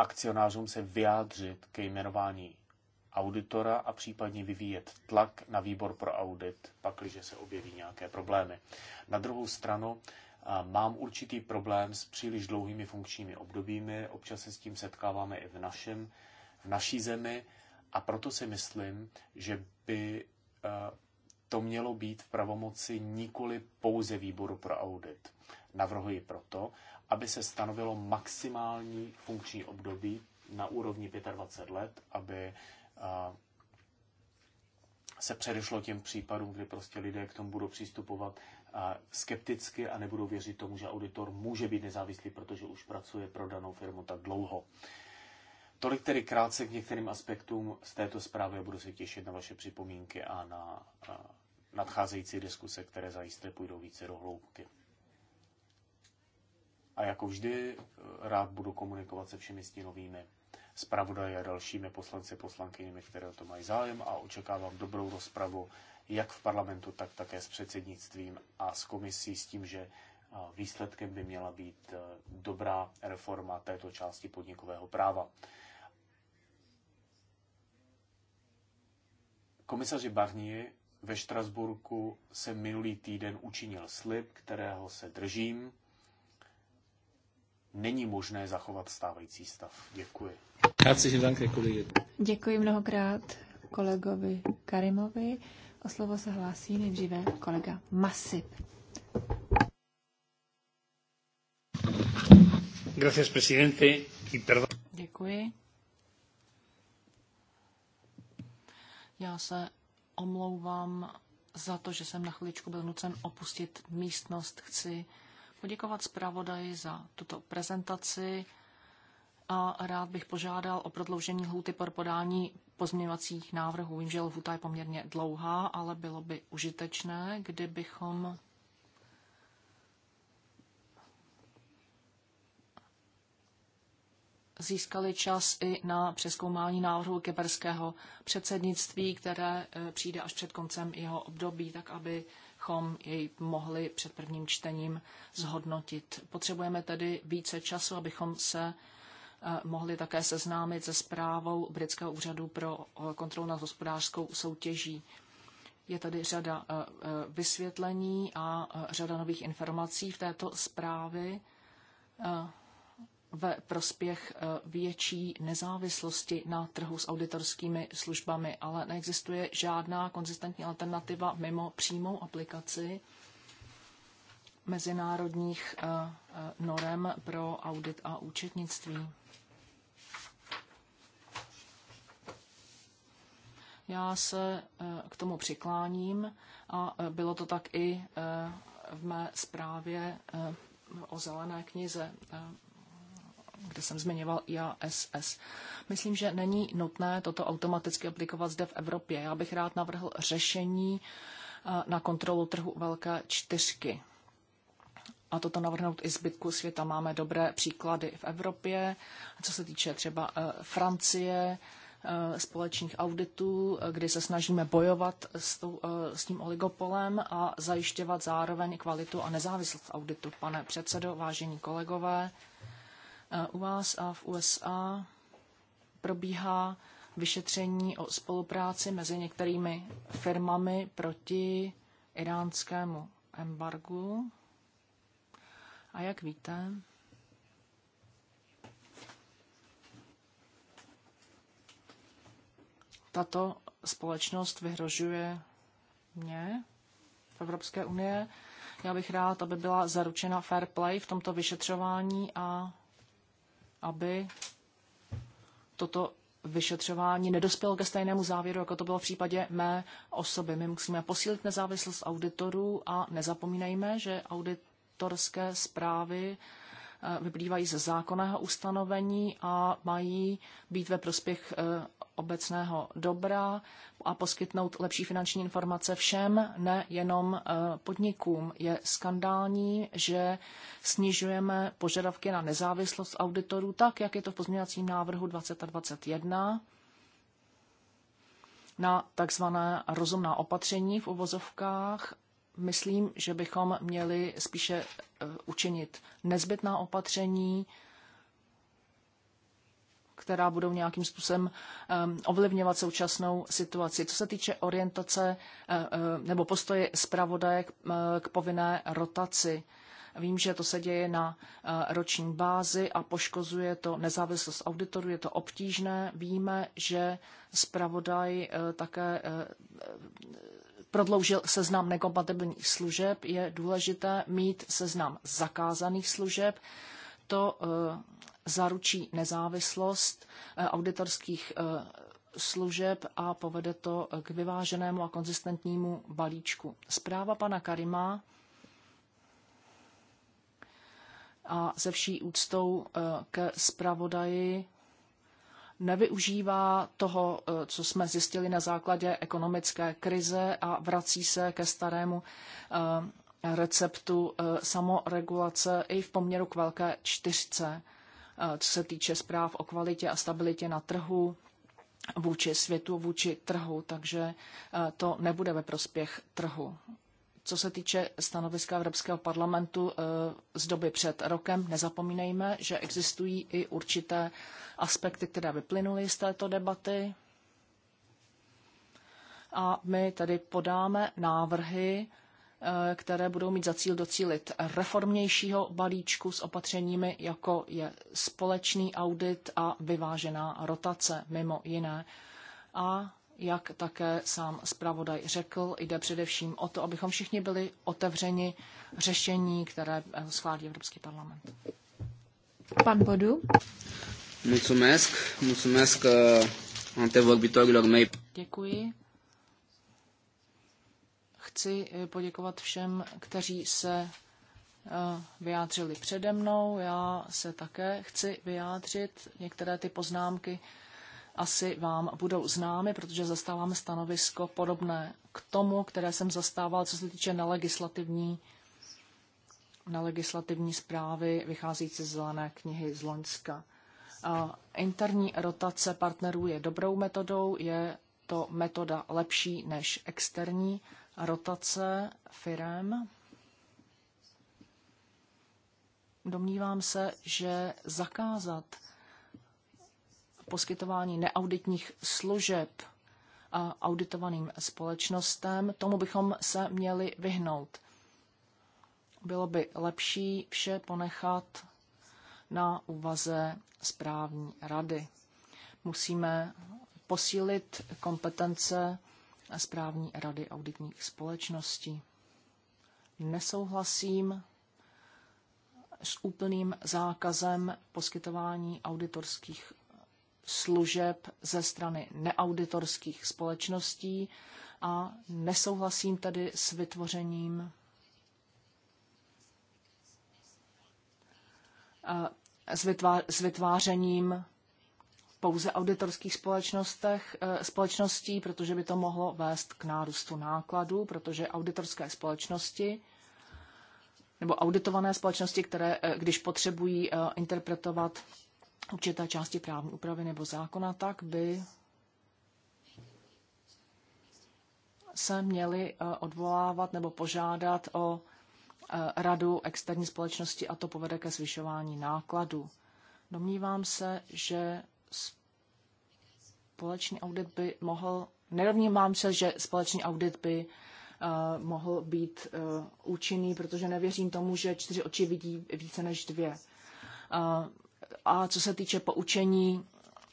akcionářům se vyjádřit ke jmenování auditora a případně vyvíjet tlak na výbor pro audit, pakliže se objeví nějaké problémy. Na druhou stranu mám určitý problém s příliš dlouhými funkčními obdobími, občas se s tím setkáváme i v, našem, v naší zemi a proto si myslím, že by to mělo být v pravomoci nikoli pouze výboru pro audit. Navrhuji proto, aby se stanovilo maximální funkční období na úrovni 25 let, aby se předešlo těm případům, kdy prostě lidé k tomu budou přistupovat skepticky a nebudou věřit tomu, že auditor může být nezávislý, protože už pracuje pro danou firmu tak dlouho. Tolik tedy krátce k některým aspektům z této zprávy a budu se těšit na vaše připomínky a na nadcházející diskuse, které zajisté půjdou více do hloubky. A jako vždy eh, rád budu komunikovat se všemi stínovými zpravodaji a dalšími poslanci, poslankyněmi, které o to mají zájem a očekávám dobrou rozpravu jak v parlamentu, tak také s předsednictvím a s komisí s tím, že eh, výsledkem by měla být eh, dobrá reforma této části podnikového práva. Komisaři Barnier ve Štrasburku se minulý týden učinil slib, kterého se držím není možné zachovat stávající stav. Děkuji. Děkuji mnohokrát kolegovi Karimovi. O slovo se hlásí nejdříve kolega Masip. Gracias, presidente. Y Děkuji. Já se omlouvám za to, že jsem na chviličku byl nucen opustit místnost. Chci poděkovat zpravodaji za tuto prezentaci a rád bych požádal o prodloužení lhůty pro podání pozměňovacích návrhů. Vím, že lhůta je poměrně dlouhá, ale bylo by užitečné, kdybychom získali čas i na přeskoumání návrhu kyperského předsednictví, které eh, přijde až před koncem jeho období, tak aby abychom jej mohli před prvním čtením zhodnotit. Potřebujeme tedy více času, abychom se eh, mohli také seznámit se zprávou Britského úřadu pro eh, kontrolu nad hospodářskou soutěží. Je tady řada eh, vysvětlení a řada nových informací v této zprávě ve prospěch eh, větší nezávislosti na trhu s auditorskými službami, ale neexistuje žádná konzistentní alternativa mimo přímou aplikaci mezinárodních eh, eh, norem pro audit a účetnictví. Já se k tomu přikláním a bylo to tak i v mé zprávě o zelené knize kde jsem zmiňoval IASS. Myslím, že není nutné toto automaticky aplikovat zde v Evropě. Já bych rád navrhl řešení eh, na kontrolu trhu velké čtyřky. A toto navrhnout i zbytku světa. Máme dobré příklady v Evropě, co se týče třeba eh, Francie, eh, společných auditů, kdy se snažíme bojovat s, tou, s tím oligopolem a zajišťovat zároveň kvalitu a nezávislost auditu. Pane předsedo, vážení kolegové, Eh, u vás a v USA probíhá vyšetření o spolupráci mezi některými firmami proti iránskému embargu. A jak víte, tato společnost vyhrožuje mě v Evropské unie. Já bych rád, aby byla zaručena fair play v tomto vyšetřování a aby toto vyšetřování nedospělo ke stejnému závěru, jako to bylo v případě mé osoby. My musíme posílit nezávislost auditorů a nezapomínejme, že auditorské zprávy eh, vyplývají ze zákonného ustanovení a mají být ve prospěch eh, obecného dobra a poskytnout lepší finanční informace všem, ne jenom eh, podnikům. Je skandální, že snižujeme požadavky na nezávislost auditorů tak, jak je to v pozměňovacím návrhu 20 a 21 na takzvané rozumná opatření v uvozovkách. Myslím, že bychom měli spíše eh, učinit nezbytná opatření, která budou nějakým způsobem ehm, ovlivňovat současnou situaci. Co se týče orientace eh, eh, nebo postoje zpravodaje eh, k povinné rotaci, Vím, že to se děje na roční bázi a poškozuje to nezávislost auditorů, je to obtížné. Víme, že zpravodaj také prodloužil seznam nekompatibilních služeb. Je důležité mít seznam zakázaných služeb. To zaručí nezávislost eh, auditorských eh, služeb a povede to eh, k vyváženému a konzistentnímu balíčku. Zpráva pana Karima a ze vší úctou ke zpravodaji nevyužívá toho, co jsme zjistili na základě ekonomické krize a vrací se ke starému receptu samoregulace i v poměru k velké čtyřce. Eh, co se týče zpráv o kvalitě a stabilitě na trhu vůči světu, vůči trhu, takže eh, to nebude ve prospěch trhu. Co se týče stanoviska Evropského parlamentu eh, z doby před rokem, nezapomínejme, že existují i určité aspekty, které vyplynuly z této debaty. A my tedy podáme návrhy Eh, které budou mít za cíl docílit reformnějšího balíčku s opatřeními, jako je společný audit a vyvážená rotace mimo jiné. A jak také sám zpravodaj řekl, jde především o to, abychom všichni byli otevřeni řešení, které eh, schválí Evropský parlament. Pan Bodu. Mulțumesc, mulțumesc eh, antevorbitorilor mei. Děkuji chci eh, poděkovat všem, kteří se eh, vyjádřili přede mnou. Já se také chci vyjádřit. Některé ty poznámky asi vám budou známy, protože zastávám stanovisko podobné k tomu, které jsem zastával, co se týče nelegislativní, nelegislativní zprávy vycházející z zelené knihy z Loňska. Eh, interní rotace partnerů je dobrou metodou, je to metoda lepší než externí rotace firem. Domnívám se, že zakázat poskytování neauditních služeb a auditovaným společnostem, tomu bychom se měli vyhnout. Bylo by lepší vše ponechat na úvaze správní rady. Musíme posílit kompetence správní rady auditních společností. Nesouhlasím s úplným zákazem poskytování auditorských služeb ze strany neauditorských společností a nesouhlasím tedy s vytvořením eh, s, vytvářením pouze auditorských společnostech, eh, společností, protože by to mohlo vést k nárůstu nákladů, protože auditorské společnosti nebo auditované společnosti, které, eh, když potřebují eh, interpretovat určité části právní úpravy nebo zákona, tak by se měli odvolávat nebo požádat o radu externí společnosti a to povede ke zvyšování nákladů. Domnívám se, že společný audit by mohl, nerovnímám se, že společný audit by uh, mohl být uh, účinný, protože nevěřím tomu, že čtyři oči vidí více než dvě. Uh, a co se týče poučení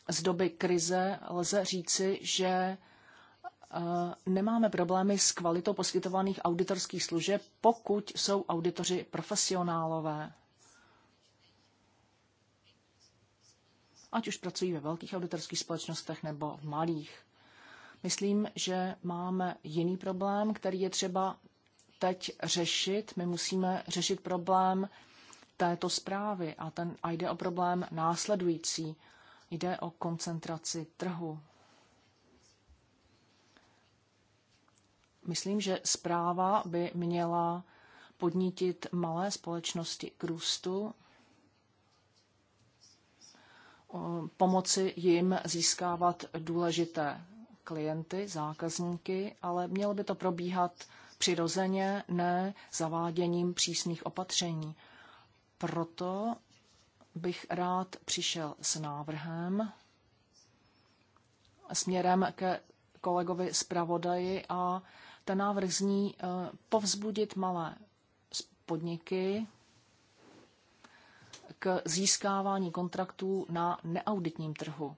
z doby krize, lze říci, že nemáme problémy s kvalitou poskytovaných auditorských služeb, pokud jsou auditoři profesionálové. ať už pracují ve velkých auditorských společnostech nebo v malých. Myslím, že máme jiný problém, který je třeba teď řešit. My musíme řešit problém této zprávy a, ten, a jde o problém následující. Jde o koncentraci trhu. Myslím, že zpráva by měla podnítit malé společnosti k růstu, Eh, pomoci jim získávat důležité klienty, zákazníky, ale mělo by to probíhat přirozeně, ne zaváděním přísných opatření. Proto bych rád přišel s návrhem směrem ke kolegovi zpravodaji a ten návrh zní eh, povzbudit malé podniky, k získávání kontraktů na neauditním trhu.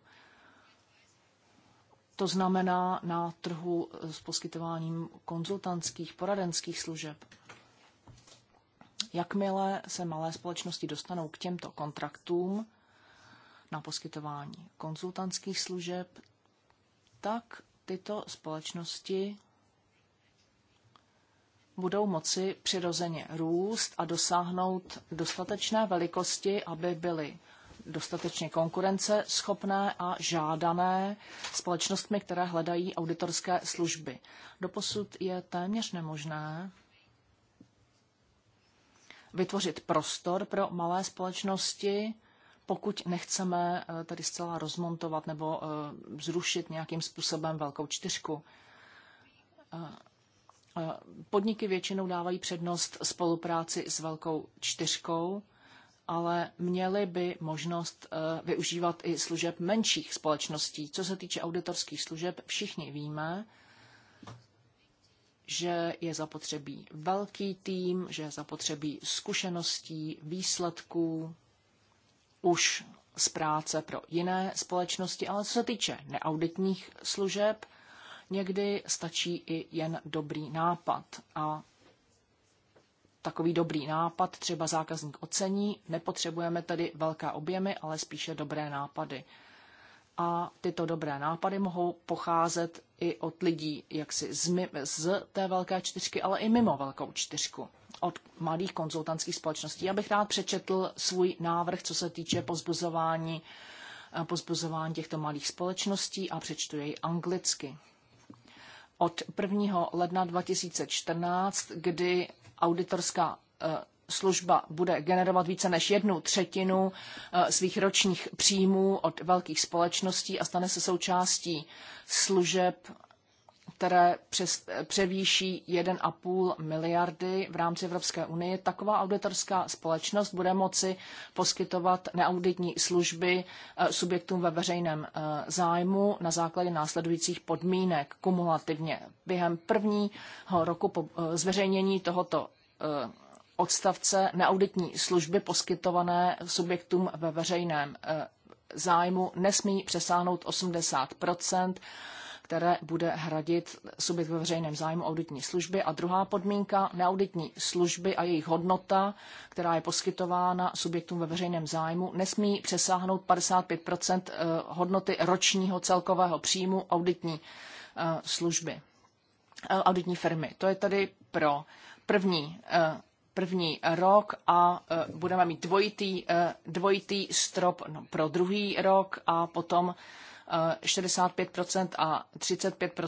To znamená na trhu s poskytováním konzultantských, poradenských služeb. Jakmile se malé společnosti dostanou k těmto kontraktům na poskytování konzultantských služeb, tak tyto společnosti budou moci přirozeně růst a dosáhnout dostatečné velikosti, aby byly dostatečně konkurenceschopné a žádané společnostmi, které hledají auditorské služby. Doposud je téměř nemožné vytvořit prostor pro malé společnosti, pokud nechceme eh, tady zcela rozmontovat nebo eh, zrušit nějakým způsobem velkou čtyřku eh, Eh, podniky většinou dávají přednost spolupráci s velkou čtyřkou, ale měly by možnost eh, využívat i služeb menších společností. Co se týče auditorských služeb, všichni víme, že je zapotřebí velký tým, že je zapotřebí zkušeností, výsledků už z práce pro jiné společnosti, ale co se týče neauditních služeb, Někdy stačí i jen dobrý nápad a takový dobrý nápad třeba zákazník ocení. Nepotřebujeme tedy velké objemy, ale spíše dobré nápady. A tyto dobré nápady mohou pocházet i od lidí jaksi z, z té velké čtyřky, ale i mimo velkou čtyřku, od malých konzultantských společností. Já bych rád přečetl svůj návrh, co se týče pozbuzování, eh, pozbuzování těchto malých společností a přečtu jej anglicky od 1. ledna 2014, kdy auditorská eh, služba bude generovat více než jednu třetinu eh, svých ročních příjmů od velkých společností a stane se součástí služeb které přes, převýší 1,5 miliardy v rámci Evropské unie. Taková auditorská společnost bude moci poskytovat neauditní služby eh, subjektům ve veřejném eh, zájmu na základě následujících podmínek kumulativně. Během prvního roku po eh, zveřejnění tohoto odstavce neauditní služby poskytované subjektům ve veřejném zájmu nesmí přesáhnout 80 které bude hradit subjekt ve veřejném zájmu auditní služby. A druhá podmínka, neauditní služby a jejich hodnota, která je poskytována subjektům ve veřejném zájmu, nesmí přesáhnout 55 eh, hodnoty ročního celkového příjmu auditní eh, služby, eh, auditní firmy. To je tady pro první první rok a budeme mít dvojitý, dvojitý strop no, pro druhý rok a potom 65 a 35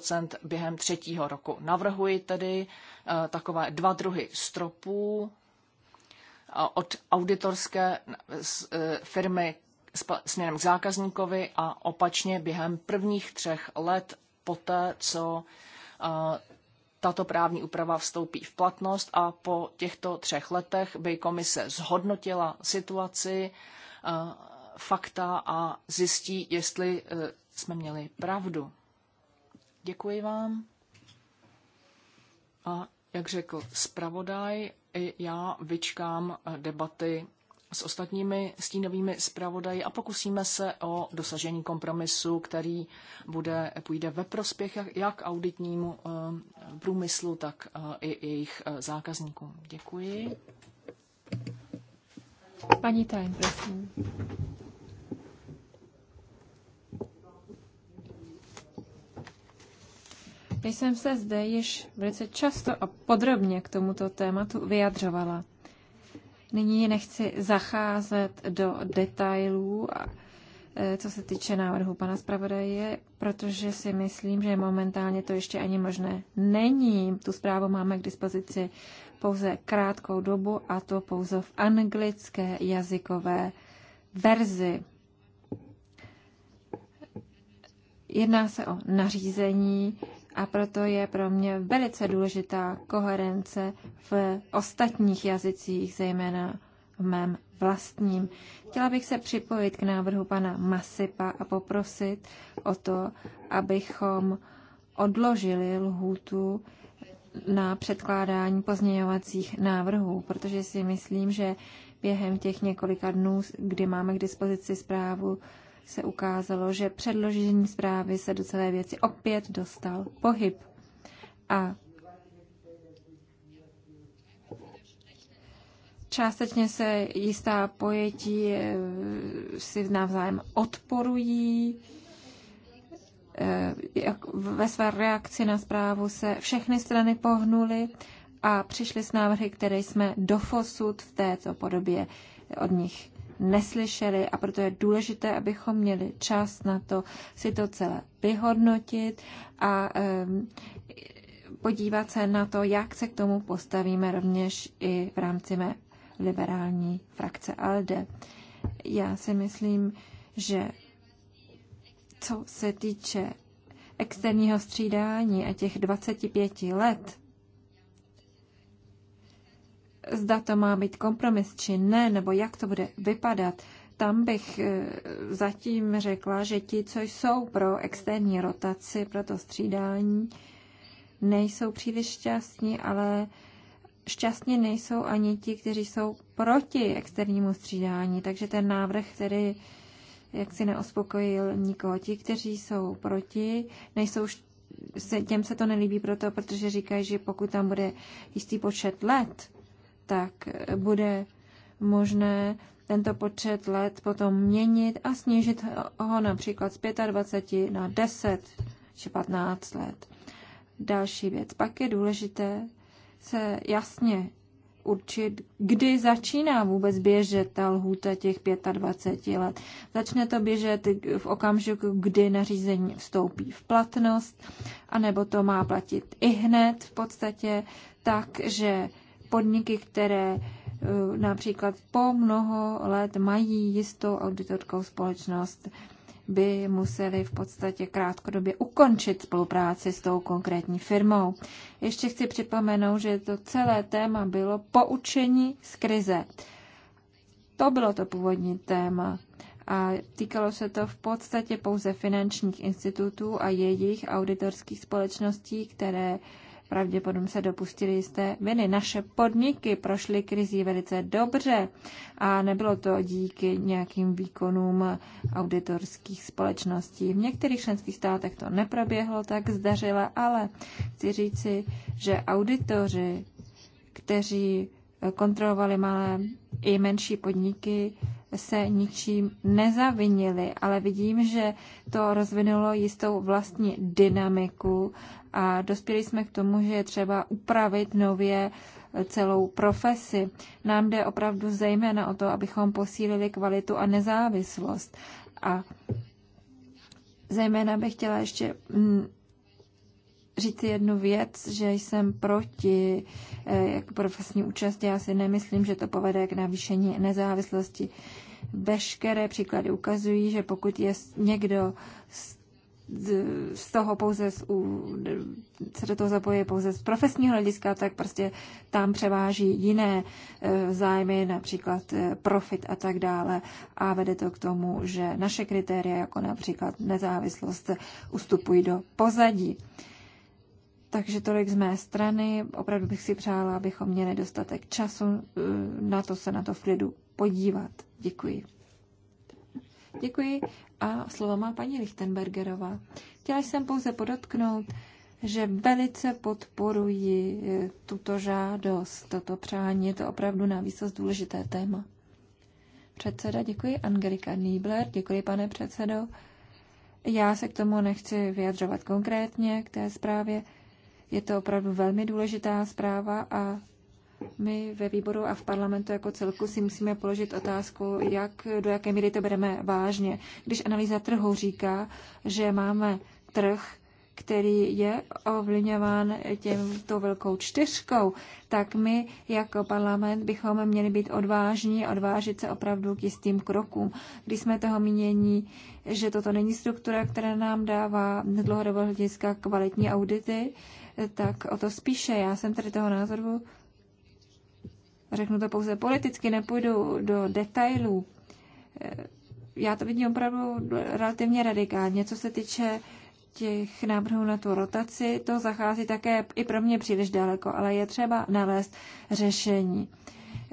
během třetího roku. Navrhuji tedy eh, takové dva druhy stropů eh, od auditorské eh, firmy směrem k zákazníkovi a opačně během prvních třech let poté, co tato právní úprava vstoupí v platnost a po těchto třech letech by komise zhodnotila situaci, fakta a zjistí, jestli eh, jsme měli pravdu. Děkuji vám. A jak řekl zpravodaj, i já vyčkám eh, debaty s ostatními stínovými zpravodaji a pokusíme se o dosažení kompromisu, který bude, půjde ve prospěch jak auditnímu eh, průmyslu, tak i jejich zákazníkům. Děkuji. Paní Tajn, prosím. Já jsem se zde již velice často a podrobně k tomuto tématu vyjadřovala. Nyní nechci zacházet do detailů, e, co se týče návrhu pana zpravodaje, protože si myslím, že momentálně to ještě ani možné není. Tu zprávu máme k dispozici pouze krátkou dobu a to pouze v anglické jazykové verzi. Jedná se o nařízení, a proto je pro mě velice důležitá koherence v ostatních jazycích, zejména v mém vlastním. Chtěla bych se připojit k návrhu pana Masipa a poprosit o to, abychom odložili lhůtu na předkládání pozměňovacích návrhů, protože si myslím, že během těch několika dnů, kdy máme k dispozici zprávu se ukázalo, že předložení zprávy se do celé věci opět dostal pohyb. A částečně se jistá pojetí eh, si navzájem odporují. Eh, ve své reakci na zprávu se všechny strany pohnuly a přišly s návrhy, které jsme dofosud v této podobě od nich neslyšeli a proto je důležité, abychom měli čas na to si to celé vyhodnotit a podívat se na to, jak se k tomu postavíme rovněž i v rámci mé liberální frakce ALDE. Já si myslím, že co se týče externího střídání a těch 25 let, zda to má být kompromis či ne, nebo jak to bude vypadat, tam bych eh, zatím řekla, že ti, co jsou pro externí rotaci, pro to střídání, nejsou příliš šťastní, ale šťastní nejsou ani ti, kteří jsou proti externímu střídání. Takže ten návrh, který jak si neospokojil nikoho. Ti, kteří jsou proti, nejsou se, těm se to nelíbí proto, protože říkají, že pokud tam bude jistý počet let, tak bude možné tento počet let potom měnit a snížit ho například z 25 na 10 či 15 let. Další věc. Pak je důležité se jasně určit, kdy začíná vůbec běžet ta lhůta těch 25 let. Začne to běžet v okamžiku, kdy nařízení vstoupí v platnost, anebo to má platit i hned v podstatě, takže podniky, které e, například po mnoho let mají jistou auditorskou společnost, by museli v podstatě krátkodobě ukončit spolupráci s tou konkrétní firmou. Ještě chci připomenout, že to celé téma bylo poučení z krize. To bylo to původní téma. A týkalo se to v podstatě pouze finančních institutů a jejich auditorských společností, které pravděpodobně se dopustili jisté viny. Naše podniky prošly krizí velice dobře a nebylo to díky nějakým výkonům auditorských společností. V některých členských státech to neproběhlo tak zdařile, ale chci říci, že auditoři, kteří kontrolovali malé i menší podniky, se ničím nezavinili, ale vidím, že to rozvinulo jistou vlastní dynamiku a dospěli jsme k tomu, že je třeba upravit nově celou profesi. Nám jde opravdu zejména o to, abychom posílili kvalitu a nezávislost. A zejména bych chtěla ještě mm, říct jednu věc, že jsem proti eh, jak profesní účasti. Já si nemyslím, že to povede k navýšení nezávislosti. Veškeré příklady ukazují, že pokud je někdo z toho pouze z, u, se do toho zapojí pouze z profesního hlediska, tak prostě tam převáží jiné e, zájmy, například e, profit a tak dále. A vede to k tomu, že naše kritéria, jako například nezávislost, ustupují do pozadí. Takže tolik z mé strany. Opravdu bych si přála, abychom měli dostatek času e, na to se na to v klidu podívat. Děkuji. Děkuji a slovo má paní Lichtenbergerová. Chtěla jsem pouze podotknout, že velice podporuji eh, tuto žádost, toto přání. Je to opravdu na výsost důležité téma. Předseda, děkuji. Angelika Niebler, děkuji, pane předsedo. Já se k tomu nechci vyjadřovat konkrétně, k té zprávě. Je to opravdu velmi důležitá zpráva a my ve výboru a v parlamentu jako celku si musíme položit otázku, jak, do jaké míry to bereme vážně. Když analýza trhu říká, že máme trh, který je ovlivňován těmto velkou čtyřkou, tak my jako parlament bychom měli být odvážní, odvážit se opravdu k jistým krokům. Když jsme toho mínění, že toto není struktura, která nám dává dlouhodobého hlediska kvalitní audity, tak o to spíše. Já jsem tady toho názoru, řeknu to pouze politicky, nepůjdu do detailů, já to vidím opravdu relativně radikálně, co se týče těch návrhů na tu rotaci, to zachází také i pro mě příliš daleko, ale je třeba nalézt řešení.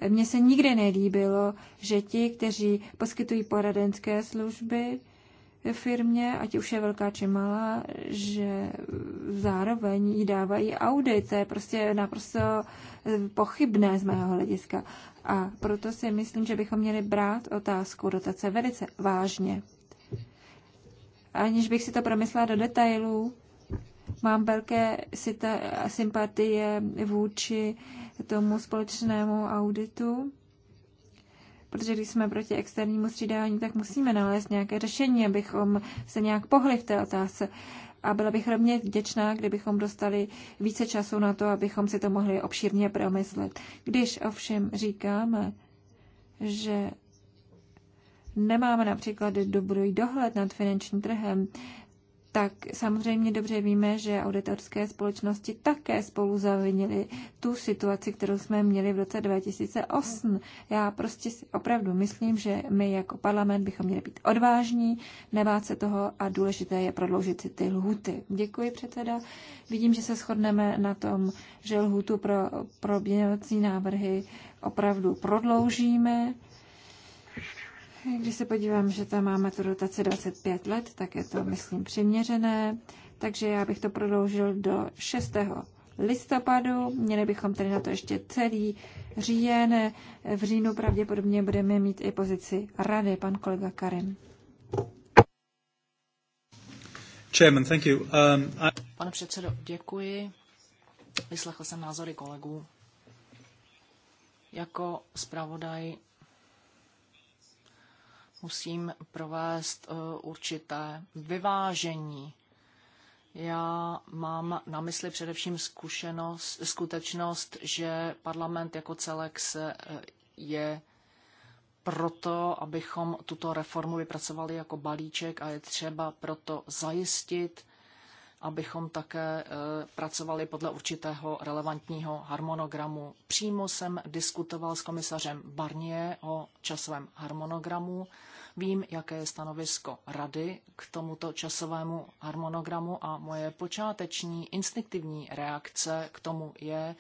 Mně se nikdy nelíbilo, že ti, kteří poskytují poradenské služby, firmě, ať už je velká či malá, že zároveň jí dávají audit. To je prostě naprosto eh, pochybné z mého hlediska. A proto si myslím, že bychom měli brát otázku dotace velice vážně. Aniž bych si to promyslela do detailů, mám velké sympatie vůči tomu společnému auditu protože když jsme proti externímu střídání, tak musíme nalézt nějaké řešení, abychom se nějak pohli v té otázce. A byla bych rovně vděčná, kdybychom dostali více času na to, abychom si to mohli obšírně promyslet. Když ovšem říkáme, že nemáme například dobrý dohled nad finančním trhem, tak samozřejmě dobře víme, že auditorské společnosti také spolu zavinili tu situaci, kterou jsme měli v roce 2008. Já prostě si opravdu myslím, že my jako parlament bychom měli být odvážní, nebát se toho a důležité je prodloužit si ty lhuty. Děkuji předseda. Vidím, že se shodneme na tom, že lhutu pro proběhnoucí návrhy opravdu prodloužíme. Když se podívám, že tam máme tu rotaci 25 let, tak je to, myslím, přiměřené. Takže já bych to prodloužil do 6. listopadu. Měli bychom tedy na to ještě celý říjen. V říjnu pravděpodobně budeme mít i pozici rady, pan kolega Karim. Chairman, thank you. Um, I... Pane předsedo, děkuji. Vyslechl jsem názory kolegů. Jako zpravodaj musím provést eh, určité vyvážení. Já mám na mysli především zkušenost, skutečnost, že parlament jako celek se eh, je proto, abychom tuto reformu vypracovali jako balíček a je třeba proto zajistit, abychom také eh, pracovali podle určitého relevantního harmonogramu. Přímo jsem diskutoval s komisařem Barnier o časovém harmonogramu. Vím, jaké je stanovisko rady k tomuto časovému harmonogramu a moje počáteční instinktivní reakce k tomu je,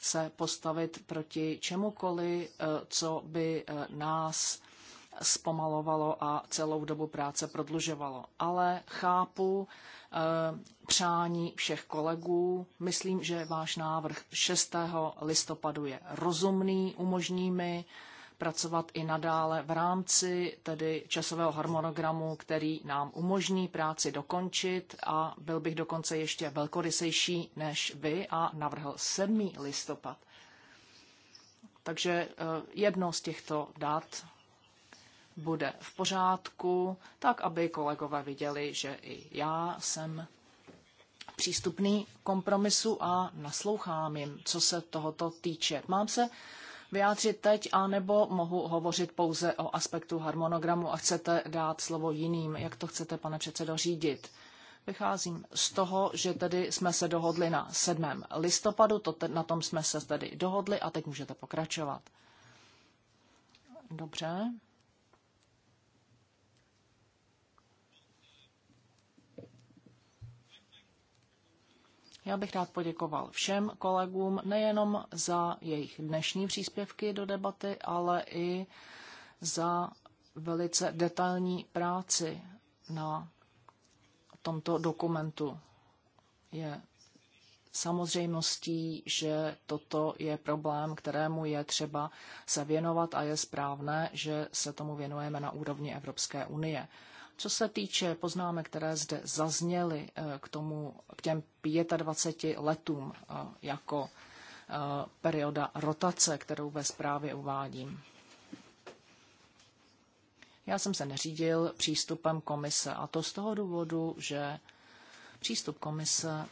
se postavit proti čemukoli, eh, co by eh, nás zpomalovalo a celou dobu práce prodlužovalo. Ale chápu eh, přání všech kolegů. Myslím, že váš návrh 6. listopadu je rozumný, umožní mi pracovat i nadále v rámci tedy časového harmonogramu, který nám umožní práci dokončit a byl bych dokonce ještě velkorysejší než vy a navrhl 7. listopad. Takže eh, jedno z těchto dat bude v pořádku, tak aby kolegové viděli, že i já jsem přístupný kompromisu a naslouchám jim, co se tohoto týče. Mám se vyjádřit teď, anebo mohu hovořit pouze o aspektu harmonogramu a chcete dát slovo jiným. Jak to chcete, pane předsedo, řídit? Vycházím z toho, že tedy jsme se dohodli na 7. listopadu, to te, na tom jsme se tedy dohodli a teď můžete pokračovat. Dobře. Já bych rád poděkoval všem kolegům nejenom za jejich dnešní příspěvky do debaty, ale i za velice detailní práci na tomto dokumentu. Je samozřejmostí, že toto je problém, kterému je třeba se věnovat a je správné, že se tomu věnujeme na úrovni Evropské unie. Co se týče poznámek, které zde zazněly eh, k, tomu, k těm 25 letům eh, jako eh, perioda rotace, kterou ve zprávě uvádím. Já jsem se neřídil přístupem komise a to z toho důvodu, že přístup komise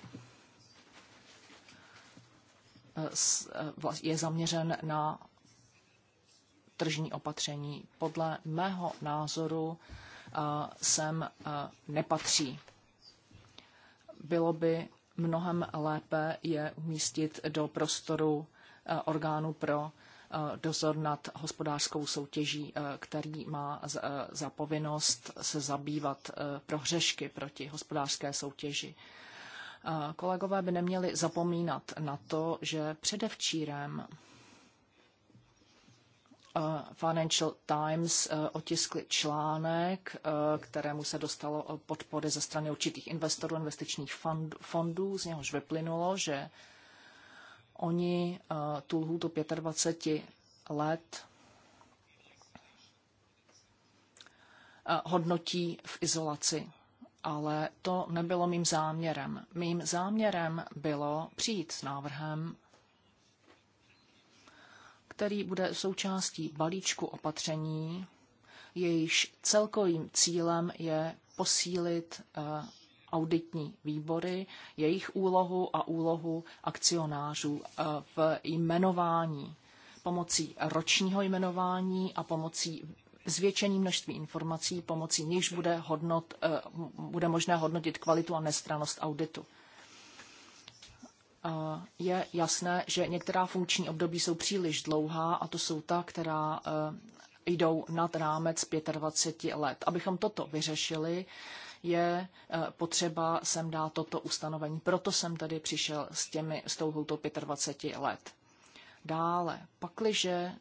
je zaměřen na tržní opatření. Podle mého názoru sem nepatří. Bylo by mnohem lépe je umístit do prostoru orgánu pro dozor nad hospodářskou soutěží, který má za povinnost se zabývat prohřešky proti hospodářské soutěži. Kolegové by neměli zapomínat na to, že předevčírem Eh, Financial Times eh, otiskli článek, eh, kterému se dostalo podpory ze strany určitých investorů investičních fondů. Z něhož vyplynulo, že oni tu lhůtu 25 let hodnotí v izolaci. Ale to nebylo mým záměrem. Mým záměrem bylo přijít s návrhem, který bude součástí balíčku opatření, jejíž celkovým cílem je posílit eh, auditní výbory, jejich úlohu a úlohu akcionářů eh, v jmenování pomocí ročního jmenování a pomocí zvětšení množství informací, pomocí nichž bude, hodnot, eh, bude možné hodnotit kvalitu a nestranost auditu. Eh, je jasné, že některá funkční období jsou příliš dlouhá a to jsou ta, která eh, jdou nad rámec 25 let. Abychom toto vyřešili, je eh, potřeba sem dát toto ustanovení. Proto jsem tady přišel s, těmi, s tou 25 let. Dále, pakliže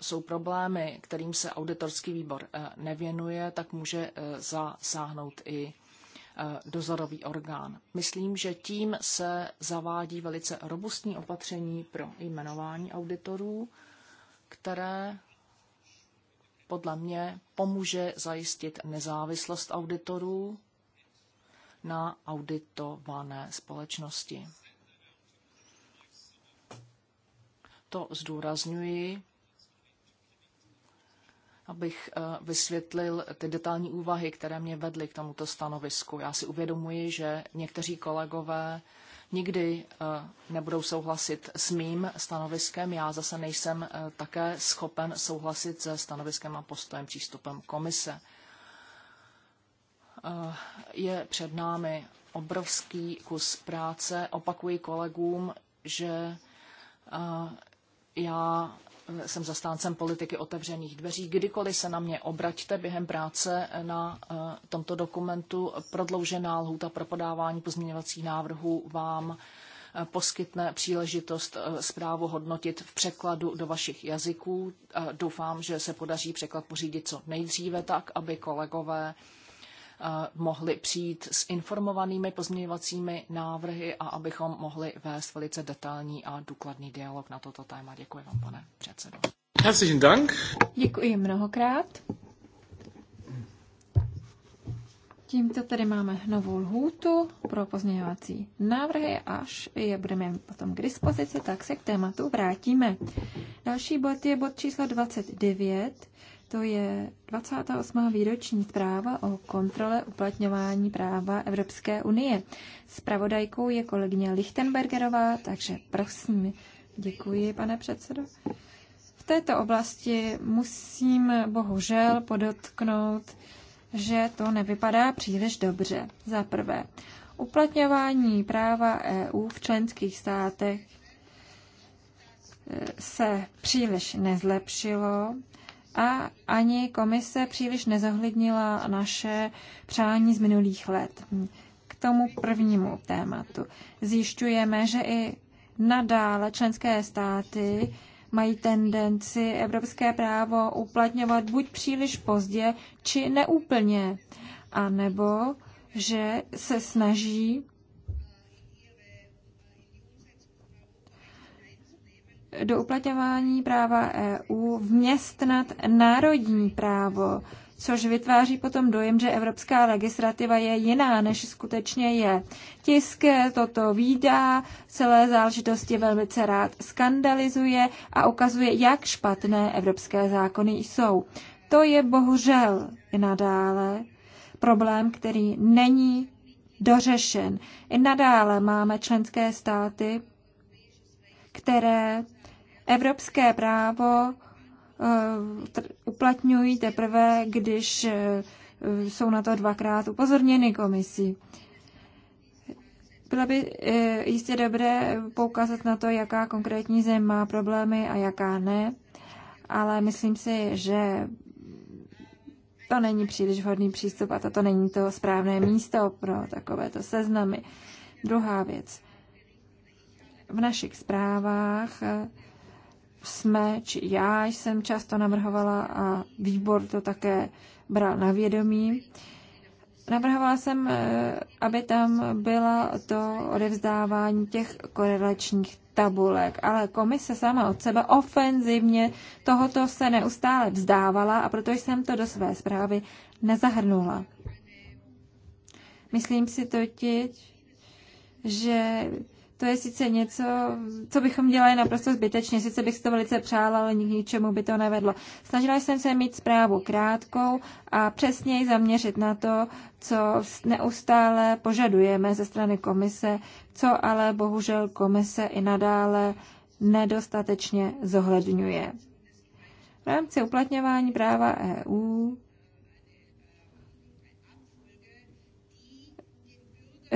jsou problémy, kterým se auditorský výbor nevěnuje, tak může zasáhnout i Eh, dozorový orgán. Myslím, že tím se zavádí velice robustní opatření pro jmenování auditorů, které podle mě pomůže zajistit nezávislost auditorů na auditované společnosti. To zdůrazňuji, abych eh, vysvětlil ty detailní úvahy, které mě vedly k tomuto stanovisku. Já si uvědomuji, že někteří kolegové nikdy eh, nebudou souhlasit s mým stanoviskem. Já zase nejsem eh, také schopen souhlasit se stanoviskem a postojem přístupem komise. Je před námi obrovský kus práce. Opakuji kolegům, že já jsem zastáncem politiky otevřených dveří. Kdykoliv se na mě obraťte během práce na eh, tomto dokumentu, prodloužená lhůta pro podávání pozměňovacích návrhů vám eh, poskytne příležitost eh, zprávu hodnotit v překladu do vašich jazyků. Doufám, že se podaří překlad pořídit co nejdříve tak, aby kolegové Eh, mohli přijít s informovanými pozměňovacími návrhy a abychom mohli vést velice detailní a důkladný dialog na toto téma. Děkuji vám, pane předsedo. Herzlichen Dank. Děkuji mnohokrát. Tímto tedy máme novou lhůtu pro pozměňovací návrhy, až je budeme potom k dispozici, tak se k tématu vrátíme. Další bod je bod číslo 29, to je 28. výroční zpráva o kontrole uplatňování práva Evropské unie. Spravodajkou je kolegyně Lichtenbergerová, takže prosím, děkuji, pane předsedo. V této oblasti musím bohužel podotknout, že to nevypadá příliš dobře. Za prvé, uplatňování práva EU v členských státech eh, se příliš nezlepšilo a ani komise příliš nezohlednila naše přání z minulých let. K tomu prvnímu tématu. Zjišťujeme, že i nadále členské státy mají tendenci evropské právo uplatňovat buď příliš pozdě, či neúplně, anebo že se snaží do uplatňování práva EU vměstnat národní právo, což vytváří potom dojem, že evropská legislativa je jiná, než skutečně je. Tisk toto výdá, celé záležitosti velmi rád skandalizuje a ukazuje, jak špatné evropské zákony jsou. To je bohužel i nadále problém, který není dořešen. I nadále máme členské státy, které Evropské právo eh, uplatňují teprve, když eh, jsou na to dvakrát upozorněny komisí. Bylo by eh, jistě dobré poukázat na to, jaká konkrétní zem má problémy a jaká ne, ale myslím si, že to není příliš vhodný přístup a toto není to správné místo pro takovéto seznamy. Druhá věc. V našich zprávách jsme, či já jsem často navrhovala a výbor to také bral na vědomí. Navrhovala jsem, eh, aby tam bylo to odevzdávání těch korelačních tabulek, ale komise sama od sebe ofenzivně tohoto se neustále vzdávala a proto jsem to do své zprávy nezahrnula. Myslím si totiž, že to je sice něco, co bychom dělali naprosto zbytečně. Sice bych si to velice přála, ale nikdy, ničemu by to nevedlo. Snažila jsem se mít zprávu krátkou a přesněji zaměřit na to, co neustále požadujeme ze strany komise, co ale bohužel komise i nadále nedostatečně zohledňuje. V rámci uplatňování práva EU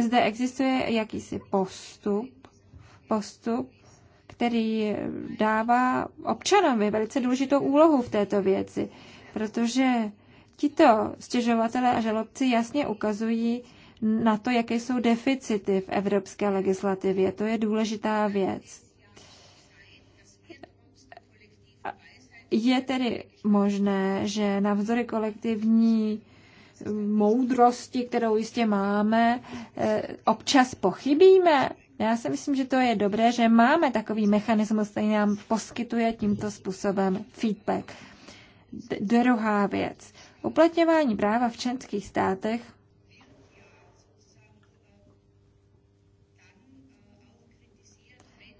zde existuje jakýsi postup, postup, který dává občanovi velice důležitou úlohu v této věci, protože tito stěžovatelé a žalobci jasně ukazují na to, jaké jsou deficity v evropské legislativě. To je důležitá věc. Je tedy možné, že navzory kolektivní moudrosti, kterou jistě máme, eh, občas pochybíme. Já si myslím, že to je dobré, že máme takový mechanismus, který nám poskytuje tímto způsobem feedback. Druhá věc. Uplatňování práva v členských státech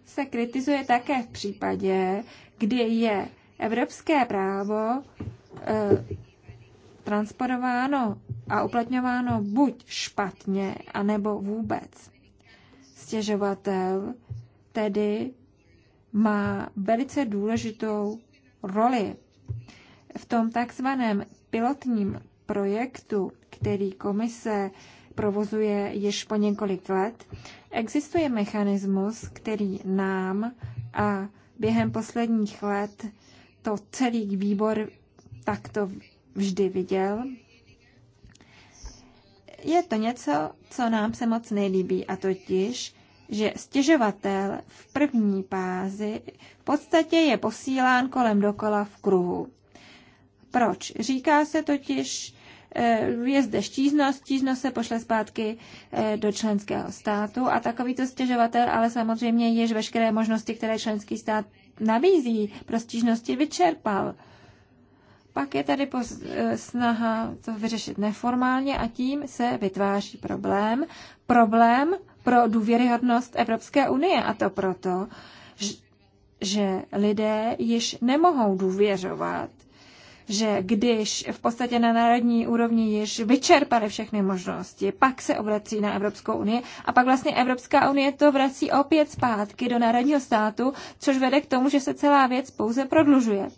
se kritizuje také v případě, kdy je evropské právo eh, transportováno a uplatňováno buď špatně, anebo vůbec. Stěžovatel tedy má velice důležitou roli. V tom takzvaném pilotním projektu, který komise provozuje již po několik let, existuje mechanismus, který nám a během posledních let to celý výbor takto vždy viděl. Je to něco, co nám se moc nelíbí, a totiž, že stěžovatel v první pázi v podstatě je posílán kolem dokola v kruhu. Proč? Říká se totiž, eh, je zde štíznost, štíznost se pošle zpátky eh, do členského státu a takovýto stěžovatel ale samozřejmě již veškeré možnosti, které členský stát nabízí, pro stížnosti vyčerpal. Pak je tady eh, snaha to vyřešit neformálně a tím se vytváří problém. Problém pro důvěryhodnost Evropské unie a to proto, že lidé již nemohou důvěřovat že když v podstatě na národní úrovni již vyčerpali všechny možnosti, pak se obrací na Evropskou unii a pak vlastně Evropská unie to vrací opět zpátky do národního státu, což vede k tomu, že se celá věc pouze prodlužuje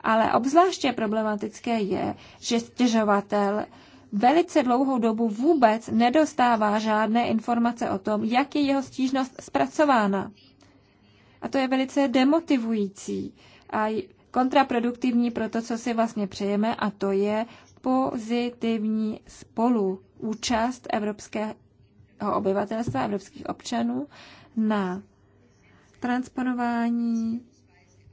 ale obzvláště problematické je, že stěžovatel velice dlouhou dobu vůbec nedostává žádné informace o tom, jak je jeho stížnost zpracována. A to je velice demotivující a kontraproduktivní pro to, co si vlastně přejeme, a to je pozitivní spoluúčast evropského obyvatelstva, evropských občanů na transponování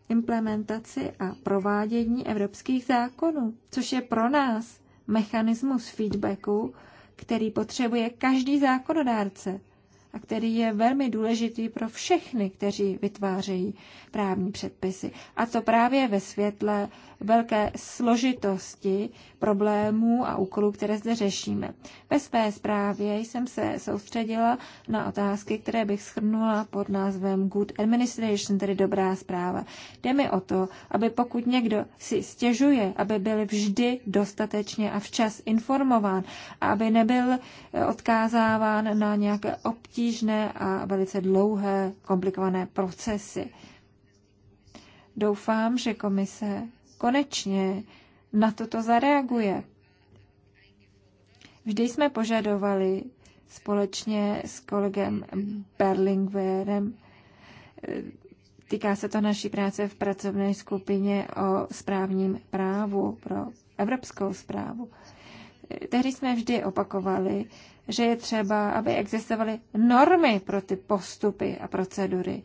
implementaci a provádění evropských zákonů, což je pro nás mechanismus feedbacku, který potřebuje každý zákonodárce a který je velmi důležitý pro všechny, kteří vytvářejí právní předpisy. A to právě ve světle velké složitosti problémů a úkolů, které zde řešíme. Ve své zprávě jsem se soustředila na otázky, které bych schrnula pod názvem Good Administration, tedy dobrá zpráva. Jde mi o to, aby pokud někdo si stěžuje, aby byl vždy dostatečně a včas informován a aby nebyl eh, odkázáván na nějaké obtížné obtížné a velice dlouhé, komplikované procesy. Doufám, že komise konečně na toto zareaguje. Vždy jsme požadovali společně s kolegem Berlingwerem, týká se to naší práce v pracovné skupině o správním právu pro evropskou správu tehdy jsme vždy opakovali, že je třeba, aby existovaly normy pro ty postupy a procedury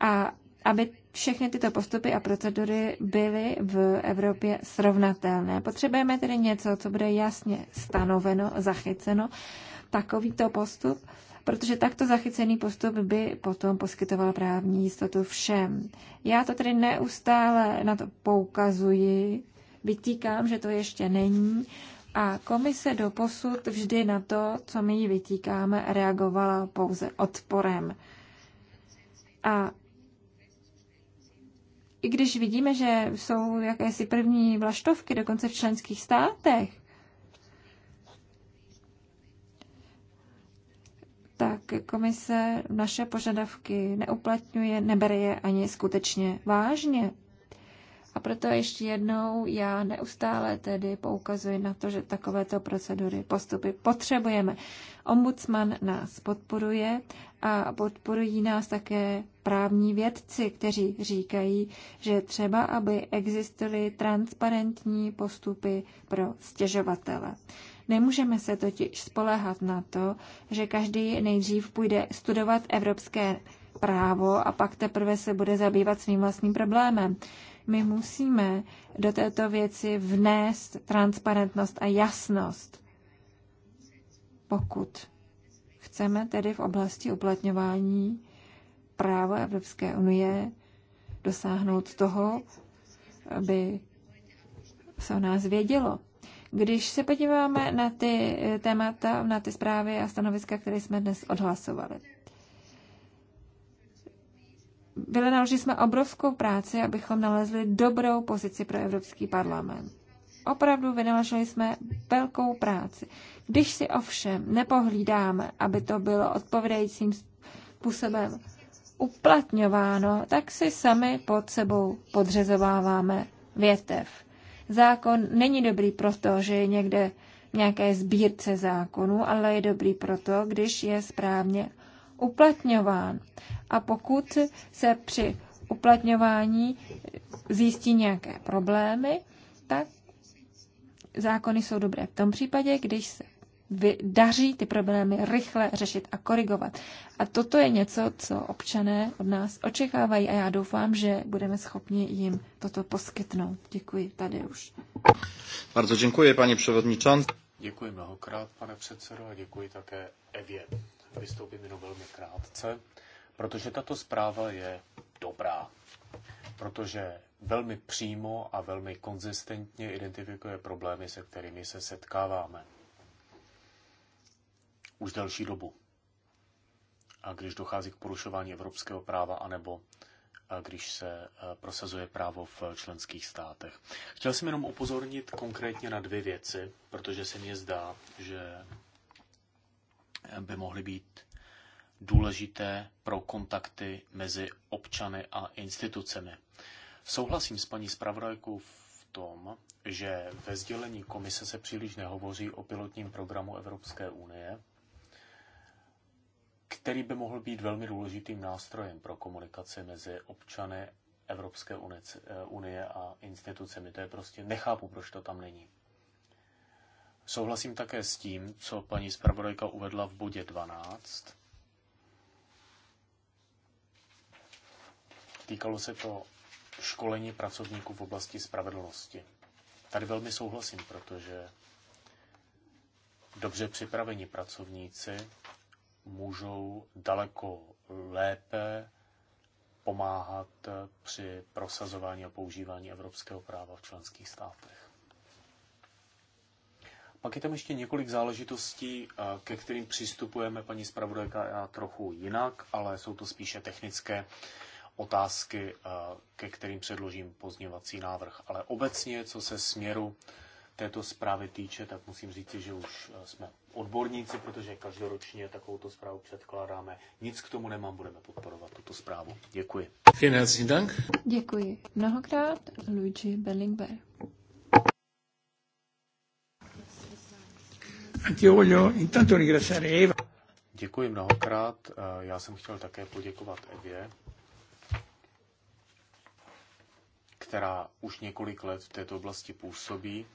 a aby všechny tyto postupy a procedury byly v Evropě srovnatelné. Potřebujeme tedy něco, co bude jasně stanoveno, zachyceno, takovýto postup, protože takto zachycený postup by potom poskytoval právní jistotu všem. Já to tedy neustále na to poukazuji, vytýkám, že to ještě není, a komise do posud vždy na to, co my jí vytíkáme, reagovala pouze odporem. A i když vidíme, že jsou jakési první vlaštovky dokonce v členských státech, tak komise naše požadavky neuplatňuje, nebere je ani skutečně vážně proto ještě jednou já neustále tedy poukazuji na to, že takovéto procedury, postupy potřebujeme. Ombudsman nás podporuje a podporují nás také právní vědci, kteří říkají, že třeba, aby existovaly transparentní postupy pro stěžovatele. Nemůžeme se totiž spolehat na to, že každý nejdřív půjde studovat evropské právo a pak teprve se bude zabývat svým vlastním problémem. My musíme do této věci vnést transparentnost a jasnost, pokud chceme tedy v oblasti uplatňování práva Evropské unie dosáhnout toho, aby se o nás vědělo. Když se podíváme na ty témata, na ty zprávy a stanoviska, které jsme dnes odhlasovali, Vynaložili jsme obrovskou práci, abychom nalezli dobrou pozici pro Evropský parlament. Opravdu vynaložili jsme velkou práci. Když si ovšem nepohlídáme, aby to bylo odpovědajícím způsobem uplatňováno, tak si sami pod sebou podřezováváme větev. Zákon není dobrý proto, že je někde nějaké sbírce zákonů, ale je dobrý proto, když je správně uplatňován. A pokud se při uplatňování zjistí nějaké problémy, tak zákony jsou dobré v tom případě, když se daří ty problémy rychle řešit a korigovat. A toto je něco, co občané od nás očekávají a já doufám, že budeme schopni jim toto poskytnout. Děkuji, tady už. Bardzo děkuji, paní předsedající. Děkuji mnohokrát, pane předsedo, a děkuji také Evě Vystoupím jenom velmi krátce, protože tato zpráva je dobrá, protože velmi přímo a velmi konzistentně identifikuje problémy, se kterými se setkáváme. Už delší dobu. A když dochází k porušování evropského práva, anebo a když se e, prosazuje právo v členských státech. Chtěl jsem jenom upozornit konkrétně na dvě věci, protože se mně zdá, že by mohly být důležité pro kontakty mezi občany a institucemi. Souhlasím s paní zpravodajkou v tom, že ve sdělení komise se příliš nehovoří o pilotním programu Evropské unie, který by mohl být velmi důležitým nástrojem pro komunikaci mezi občany Evropské eh, unie a institucemi. To je prostě, nechápu, proč to tam není. Souhlasím také s tím, co paní zpravodajka uvedla v bodě 12. Týkalo se to školení pracovníků v oblasti spravedlnosti. Tady velmi souhlasím, protože dobře připravení pracovníci můžou daleko lépe pomáhat při prosazování a používání evropského práva v členských státech. Pak je tam ještě několik záležitostí, eh, ke kterým přistupujeme paní zpravodajka já trochu jinak, ale jsou to spíše technické otázky, eh, ke kterým předložím pozněvací návrh. Ale obecně, co se směru této zprávy týče, tak musím říct, že už eh, jsme odborníci, protože každoročně takovouto zprávu předkládáme. Nic k tomu nemám, budeme podporovat tuto zprávu. Děkuji. Děkuji mnohokrát, Luigi Bellingberg. voglio intanto ringraziare Eva. Děkuji mnohokrát. Eh, já jsem chtěl také poděkovat Evě, která už několik let v této oblasti působí.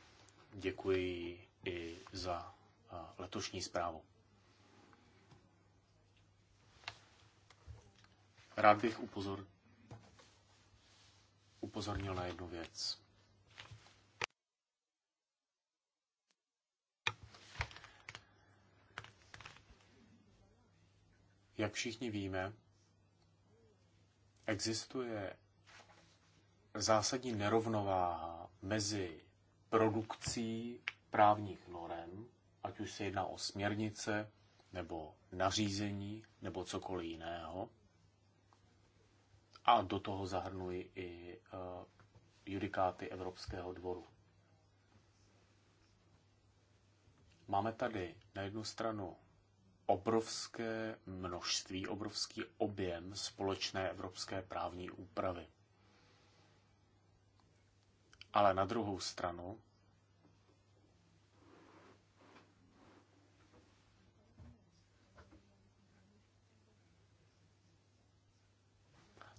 Děkuji i za eh, letošní zprávu. Rád bych upozor... upozornil na jednu věc. Jak všichni víme, existuje zásadní nerovnováha mezi produkcí právních norem, ať už se jedná o směrnice, nebo nařízení, nebo cokoliv jiného. A do toho zahrnuji i uh, judikáty Evropského dvoru. Máme tady na jednu stranu obrovské množství, obrovský objem společné evropské právní úpravy. Ale na druhou stranu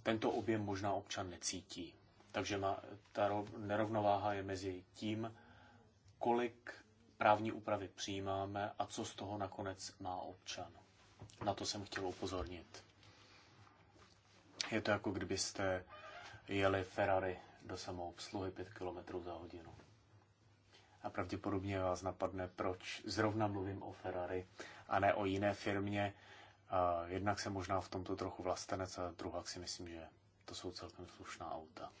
tento objem možná občan necítí. Takže má, ta nerovnováha je mezi tím, kolik právní úpravy přijímáme a co z toho nakonec má občan. Na to jsem chtěl upozornit. Je to jako kdybyste jeli Ferrari do samoobsluhy 5 km za hodinu. A pravděpodobně vás napadne, proč zrovna mluvím o Ferrari a ne o jiné firmě. Jednak se možná v tomto trochu vlastenec a druhá, si myslím, že to jsou celkem slušná auta.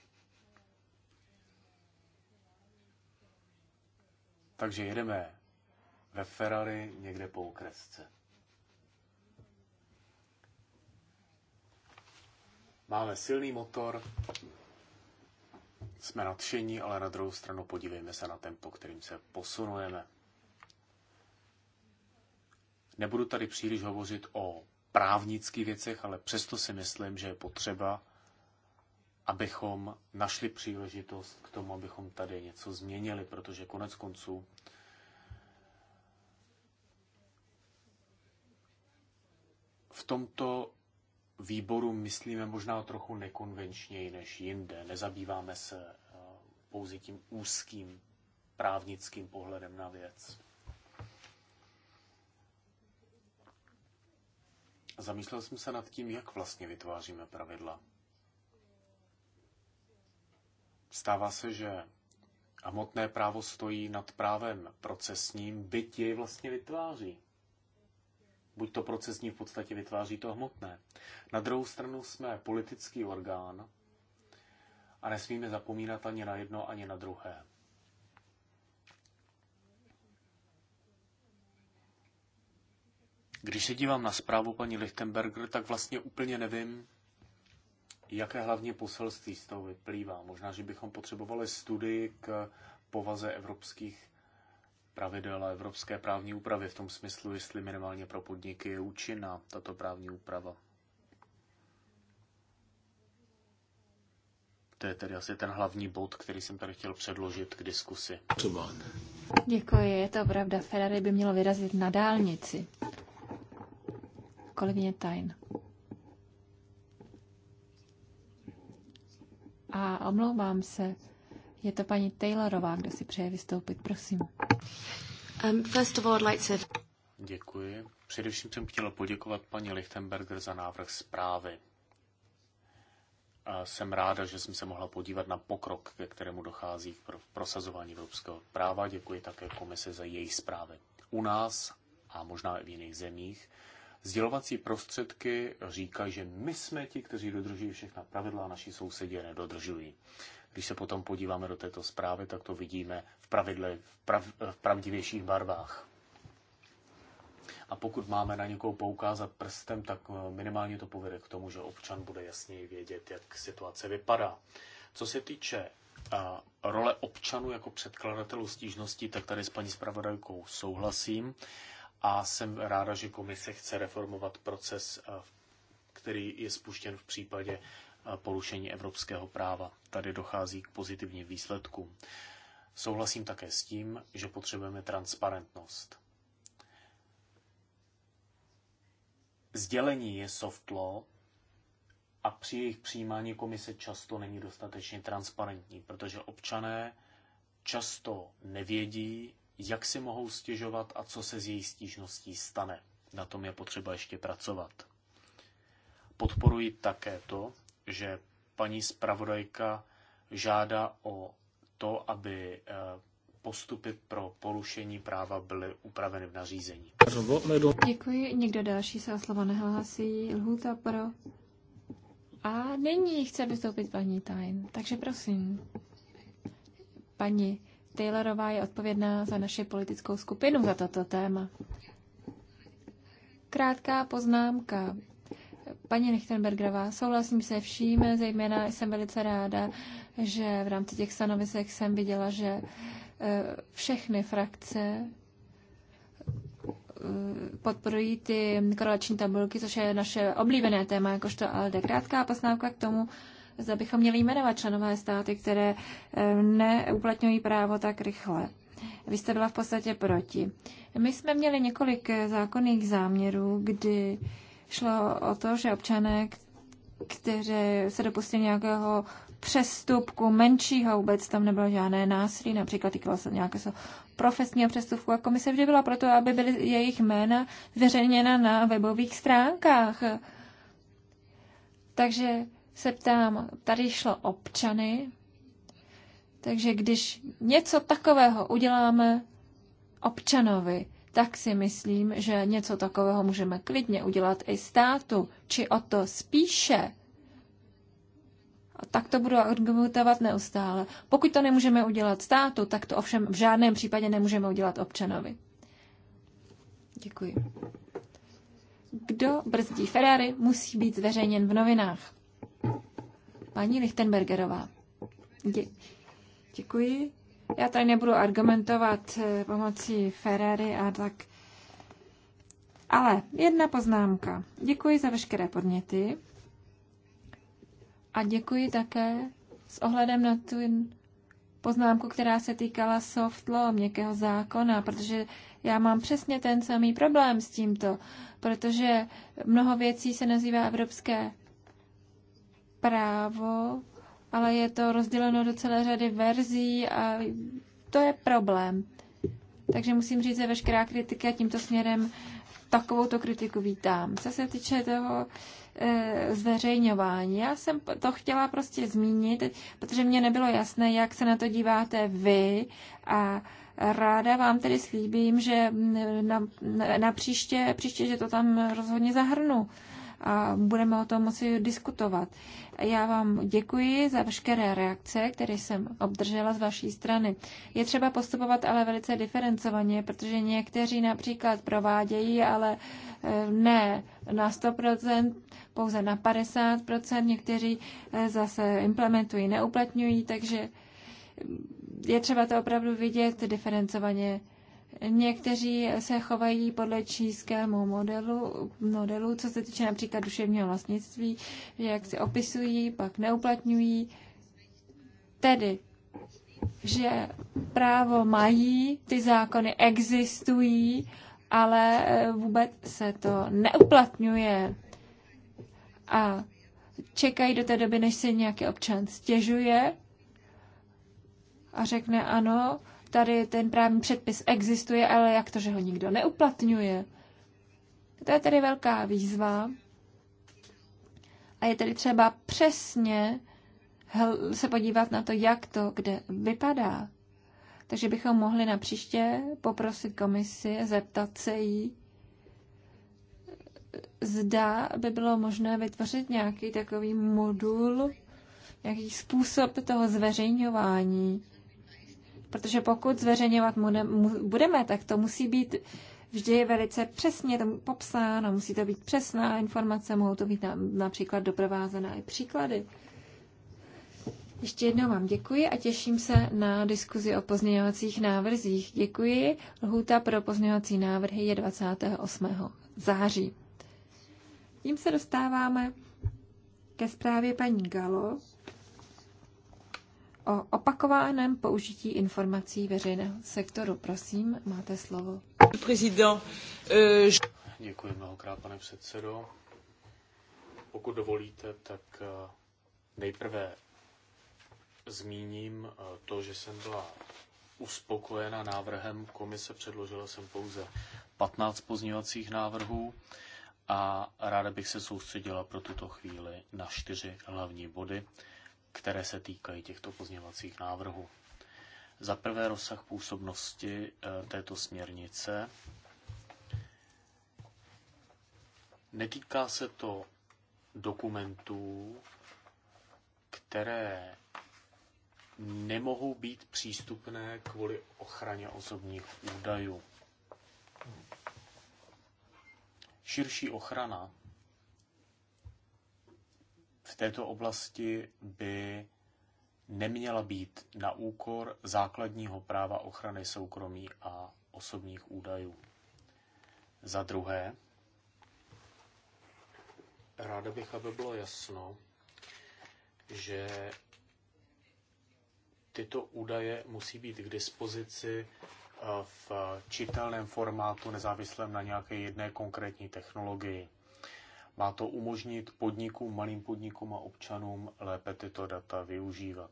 Takže jedeme ve Ferrari někde po okresce. Máme silný motor, jsme nadšení, ale na druhou stranu podívejme se na tempo, kterým se posunujeme. Nebudu tady příliš hovořit o právnických věcech, ale přesto si myslím, že je potřeba abychom našli příležitost k tomu, abychom tady něco změnili, protože konec konců v tomto výboru myslíme možná trochu nekonvenčněji než jinde. Nezabýváme se eh, pouze tím úzkým právnickým pohledem na věc. Zamýšlel jsem se nad tím, jak vlastně vytváříme pravidla. Stává se, že hmotné právo stojí nad právem procesním, byť jej vlastně vytváří. Buď to procesní v podstatě vytváří to hmotné. Na druhou stranu jsme politický orgán a nesmíme zapomínat ani na jedno, ani na druhé. Když se dívám na zprávu paní Lichtenberger, tak vlastně úplně nevím, Jaké hlavně poselství z toho vyplývá? Možná, že bychom potřebovali studii k povaze evropských pravidel a evropské právní úpravy v tom smyslu, jestli minimálně pro podniky je účinná tato právní úprava. To je tedy asi ten hlavní bod, který jsem tady chtěl předložit k diskusi. Děkuji, je to pravda. Ferrari by mělo vyrazit na dálnici. Kolegyně Tajn. A omlouvám se, je to paní Taylorová, kdo si přeje vystoupit, prosím. Um, first of all, I'd like to... Děkuji. Především jsem chtěla poděkovat paní Lichtenberger za návrh zprávy. A jsem ráda, že jsem se mohla podívat na pokrok, ke kterému dochází v prosazování evropského práva. Děkuji také komise za její zprávy. U nás a možná i v jiných zemích Sdělovací prostředky říkají, že my jsme ti, kteří dodržují všechna pravidla a naši sousedě nedodržují. Když se potom podíváme do této zprávy, tak to vidíme v, pravidle, v, prav, v pravdivějších barvách. A pokud máme na někoho poukázat prstem, tak eh, minimálně to povede k tomu, že občan bude jasněji vědět, jak situace vypadá. Co se týče eh, role občanů jako předkladatelů stížností, tak tady s paní zpravodajkou souhlasím a jsem ráda, že komise chce reformovat proces, eh, který je spuštěn v případě eh, porušení evropského práva. Tady dochází k pozitivním výsledkům. Souhlasím také s tím, že potřebujeme transparentnost. Sdělení je soft law a při jejich přijímání komise často není dostatečně transparentní, protože občané často nevědí, jak si mohou stěžovat a co se z její stížností stane. Na tom je potřeba ještě pracovat. Podporuji také to, že paní zpravodajka žádá o to, aby eh, postupy pro porušení práva byly upraveny v nařízení. Děkuji. Někdo další se o slovo nehlásí. Lhuta pro. A nyní chce vystoupit paní Tajn. Takže prosím. Paní Taylorová je odpovědná za naši politickou skupinu za toto téma. Krátká poznámka. Paní Nechtenbergerová, souhlasím se vším, zejména jsem velice ráda, že v rámci těch stanovisek jsem viděla, že eh, všechny frakce eh, podporují ty korelační tabulky, což je naše oblíbené téma, jakožto ALDE. Krátká poznámka k tomu, zda bychom měli jmenovat členové státy, které eh, neuplatňují právo tak rychle. Vy jste byla v podstatě proti. My jsme měli několik eh, zákonných záměrů, kdy šlo o to, že občané, kteří se dopustili nějakého přestupku menšího, vůbec tam nebylo žádné násilí, například týkalo se nějakého profesního přestupku a komise vždy byla proto, aby byly jejich jména zveřejněna na webových stránkách. Takže se ptám, tady šlo občany, takže když něco takového uděláme občanovi, tak si myslím, že něco takového můžeme klidně udělat i státu, či o to spíše. A tak to budu argumentovat neustále. Pokud to nemůžeme udělat státu, tak to ovšem v žádném případě nemůžeme udělat občanovi. Děkuji. Kdo brzdí Ferrari, musí být zveřejněn v novinách. Paní Lichtenbergerová. Dě- děkuji. Já tady nebudu argumentovat eh, pomocí Ferrari a tak. Ale jedna poznámka. Děkuji za veškeré podněty. A děkuji také s ohledem na tu poznámku, která se týkala soft law, měkkého zákona, protože já mám přesně ten samý problém s tímto, protože mnoho věcí se nazývá evropské právo, ale je to rozděleno do celé řady verzí a to je problém. Takže musím říct, že veškerá kritika tímto směrem takovou to kritiku vítám. Co se týče toho e, zveřejňování, já jsem to chtěla prostě zmínit, protože mě nebylo jasné, jak se na to díváte vy a ráda vám tedy slíbím, že na, na, na příště, příště, že to tam rozhodně zahrnu. E, a budeme o tom moci diskutovat. Já vám děkuji za veškeré reakce, které jsem obdržela z vaší strany. Je třeba postupovat ale velice diferencovaně, protože někteří například provádějí, ale eh, ne na 100%, pouze na 50%, někteří eh, zase implementují, neuplatňují, takže je třeba to opravdu vidět diferencovaně Někteří se chovají podle čínskému modelu, modelu, co se týče například duševního vlastnictví, jak si opisují, pak neuplatňují. Tedy, že právo mají, ty zákony existují, ale e, vůbec se to neuplatňuje. A čekají do té doby, než se nějaký občan stěžuje a řekne ano, tady ten právní předpis existuje, ale jak to, že ho nikdo neuplatňuje? To je tedy velká výzva. A je tedy třeba přesně se podívat na to, jak to kde vypadá. Takže bychom mohli na příště poprosit komisi, zeptat se jí, zda by bylo možné vytvořit nějaký takový modul, nějaký způsob toho zveřejňování Protože pokud zveřejňovat budeme, tak to musí být vždy velice přesně tam popsáno, musí to být přesná informace, mohou to být například doprovázené i příklady. Ještě jednou vám děkuji a těším se na diskuzi o pozměňovacích návrzích. Děkuji. Lhůta pro pozměňovací návrhy je 28. září. Tím se dostáváme ke zprávě paní Galo o opakovaném použití informací veřejného sektoru. Prosím, máte slovo. Eh, Děkuji mnohokrát, pane předsedo. Pokud dovolíte, tak eh, nejprve zmíním eh, to, že jsem byla uspokojena návrhem komise. Předložila jsem pouze 15 pozněvacích návrhů a ráda bych se soustředila pro tuto chvíli na čtyři hlavní body které se týkají těchto pozměňovacích návrhů. Za prvé rozsah působnosti eh, této směrnice. Netýká se to dokumentů, které nemohou být přístupné kvůli ochraně osobních údajů. Širší ochrana v této oblasti by neměla být na úkor základního práva ochrany soukromí a osobních údajů. Za druhé, ráda bych, aby bylo jasno, že tyto údaje musí být k dispozici eh, v čitelném formátu nezávislém na nějaké jedné konkrétní technologii. Má to umožnit podnikům, malým podnikům a občanům lépe tyto data využívat,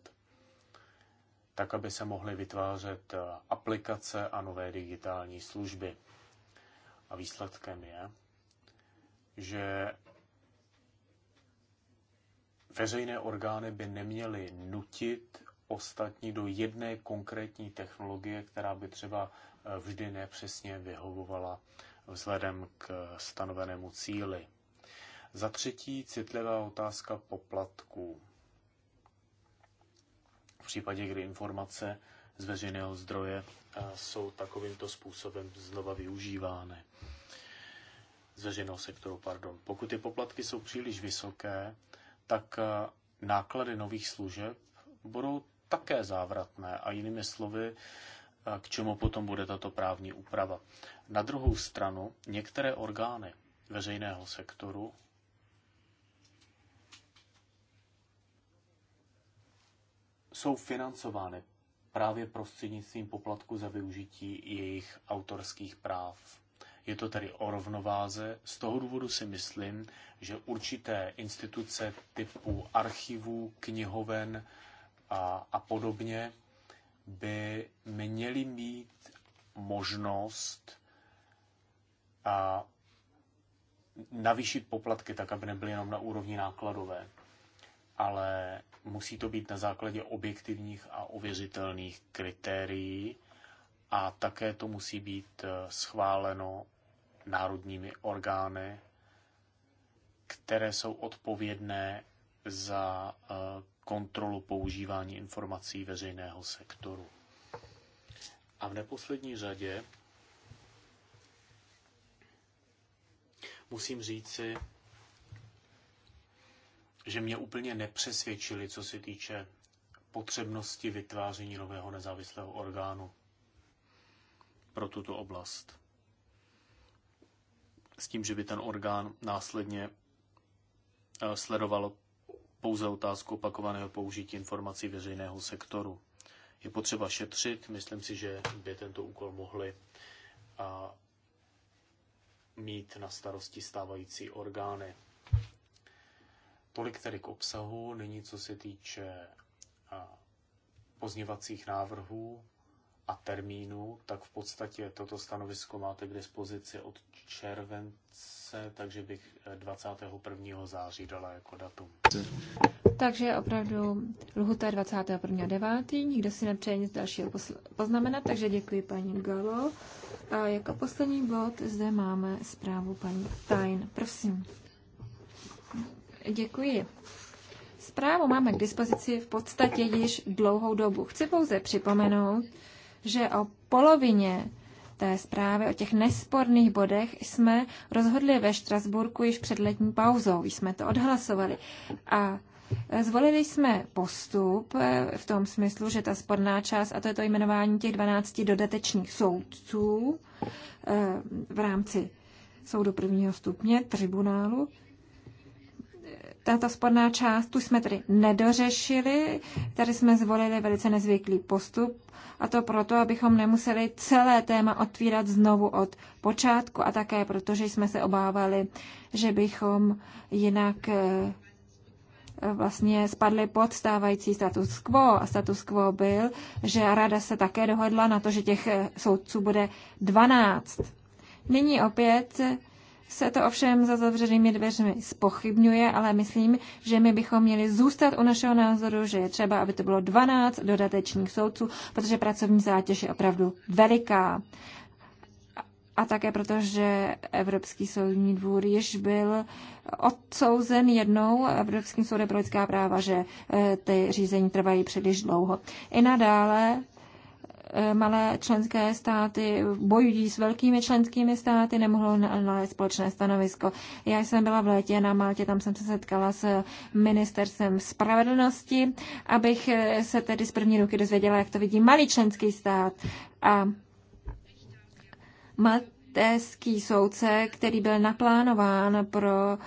tak aby se mohly vytvářet eh, aplikace a nové digitální služby. A výsledkem je, že veřejné orgány by neměly nutit ostatní do jedné konkrétní technologie, která by třeba eh, vždy nepřesně vyhovovala vzhledem k eh, stanovenému cíli. Za třetí citlivá otázka poplatků. V případě, kdy informace z veřejného zdroje eh, jsou takovýmto způsobem znova využívány. Z veřejného sektoru, pardon. Pokud ty poplatky jsou příliš vysoké, tak eh, náklady nových služeb budou také závratné a jinými slovy, eh, k čemu potom bude tato právní úprava. Na druhou stranu, některé orgány veřejného sektoru jsou financovány právě prostřednictvím poplatku za využití jejich autorských práv. Je to tedy o rovnováze. Z toho důvodu si myslím, že určité instituce typu archivů, knihoven a, a podobně by měly mít možnost a navýšit poplatky tak, aby nebyly jenom na úrovni nákladové. Ale Musí to být na základě objektivních a ověřitelných kritérií a také to musí být eh, schváleno národními orgány, které jsou odpovědné za eh, kontrolu používání informací veřejného sektoru. A v neposlední řadě musím říci, že mě úplně nepřesvědčili, co se týče potřebnosti vytváření nového nezávislého orgánu pro tuto oblast. S tím, že by ten orgán následně eh, sledoval pouze otázku opakovaného použití informací veřejného sektoru. Je potřeba šetřit, myslím si, že by tento úkol mohli eh, mít na starosti stávající orgány. Tolik tedy k obsahu, nyní co se týče pozněvacích návrhů a termínů, tak v podstatě toto stanovisko máte k dispozici od července, takže bych 21. Eh, září dala jako datum. Takže opravdu lhuta je 9. Nikdo si nepřeje nic dalšího poznamenat, takže děkuji paní Galo. A jako poslední bod zde máme zprávu paní Tajn. Prosím. Děkuji. Zprávu máme k dispozici v podstatě již dlouhou dobu. Chci pouze připomenout, že o polovině té zprávy, o těch nesporných bodech jsme rozhodli ve Štrasburku již před letní pauzou. Jsme to odhlasovali. A Zvolili jsme postup eh, v tom smyslu, že ta sporná část, a to je to jmenování těch 12 dodatečných soudců eh, v rámci soudu prvního stupně, tribunálu, tato sporná část, tu jsme tedy nedořešili, tady jsme zvolili velice nezvyklý postup a to proto, abychom nemuseli celé téma otvírat znovu od počátku a také proto, že jsme se obávali, že bychom jinak eh, vlastně spadly pod stávající status quo. A status quo byl, že rada se také dohodla na to, že těch eh, soudců bude 12. Nyní opět se to ovšem za zavřenými dveřmi spochybňuje, ale myslím, že my bychom měli zůstat u našeho názoru, že je třeba, aby to bylo 12 dodatečných soudců, protože pracovní zátěž je opravdu veliká. A také proto, že Evropský soudní dvůr již byl odsouzen jednou Evropským soudem pro lidská práva, že eh, ty řízení trvají příliš dlouho. I nadále Eh, malé členské státy bojují s velkými členskými státy, nemohlo nalézt společné stanovisko. Já jsem byla v létě na Maltě, tam jsem se setkala s ministerstvem spravedlnosti, abych eh, se tedy z první ruky dozvěděla, jak to vidí malý členský stát. A maltéský soudce, který byl naplánován pro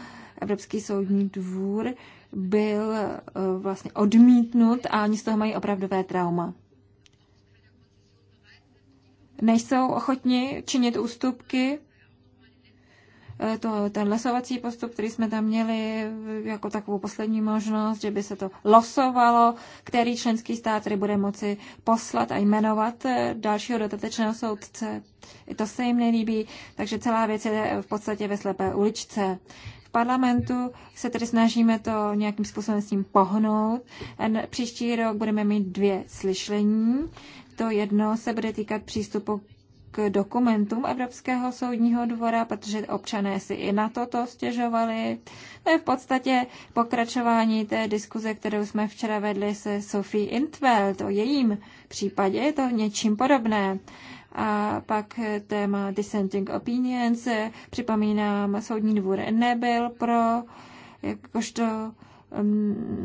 Evropský soudní dvůr, byl eh, vlastně odmítnut a oni z toho mají opravdové trauma nejsou ochotni činit ústupky. E, to, ten losovací postup, který jsme tam měli jako takovou poslední možnost, že by se to losovalo, který členský stát který bude moci poslat a jmenovat e, dalšího dotatečného soudce. I to se jim nelíbí, takže celá věc je v podstatě ve slepé uličce v parlamentu se tedy snažíme to nějakým způsobem s tím pohnout. E, příští rok budeme mít dvě slyšení. To jedno se bude týkat přístupu k dokumentům Evropského soudního dvora, protože občané si i na toto stěžovali. To je v podstatě pokračování té diskuze, kterou jsme včera vedli se Sophie Intveld. O jejím případě je to něčím podobné. A pak téma dissenting opinions. Připomínám, soudní dvůr nebyl pro jakožto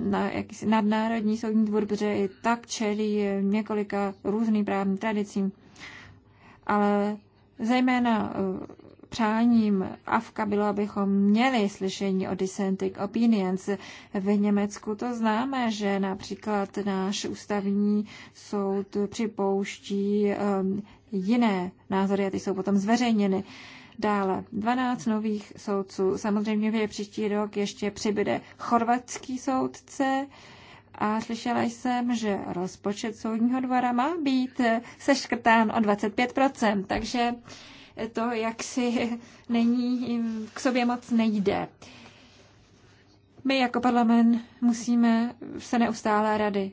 na jakýsi nadnárodní soudní dvůr, protože i tak čelí několika různým právním tradicím. Ale zejména eh, přáním Avka bylo, abychom měli slyšení o dissenting opinions. V Německu to známe, že například náš ústavní soud připouští jiné názory a ty jsou potom zveřejněny. Dále 12 nových soudců. Samozřejmě v příští rok ještě přibude chorvatský soudce. A slyšela jsem, že rozpočet soudního dvora má být seškrtán o 25%, takže to jaksi není, k sobě moc nejde. My jako parlament musíme se neustále rady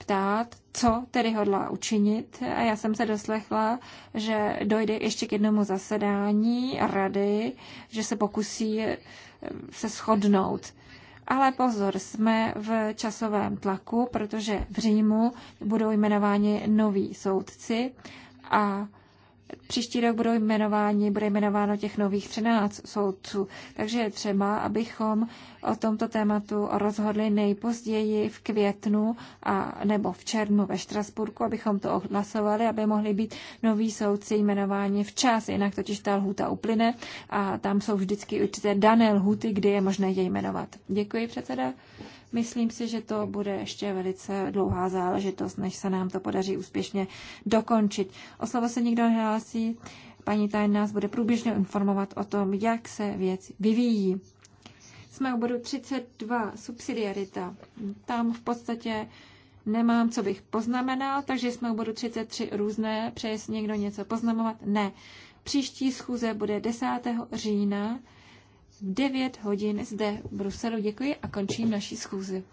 ptát, co tedy hodlá učinit. A já jsem se doslechla, že dojde ještě k jednomu zasedání rady, že se pokusí eh, se shodnout. Ale pozor, jsme v časovém tlaku, protože v Římu budou jmenováni noví soudci a Příští rok budou jmenováni, bude jmenováno těch nových 13 soudců. Takže je třeba, abychom o tomto tématu rozhodli nejpozději v květnu a nebo v červnu ve Štrasburku, abychom to odhlasovali, aby mohli být noví soudci jmenováni včas, jinak totiž ta lhůta uplyne a tam jsou vždycky určité dané lhuty, kdy je možné je jmenovat. Děkuji, předseda. Myslím si, že to bude ještě velice dlouhá záležitost, než se nám to podaří úspěšně dokončit. O slovo se nikdo nehlásí. Paní Tajn nás bude průběžně informovat o tom, jak se věc vyvíjí. Jsme u bodu 32, subsidiarita. Tam v podstatě nemám, co bych poznamenal, takže jsme u bodu 33 různé. Přeje si někdo něco poznamovat? Ne. Příští schůze bude 10. října v 9 hodin zde v Bruselu. Děkuji a končím naší schůzi.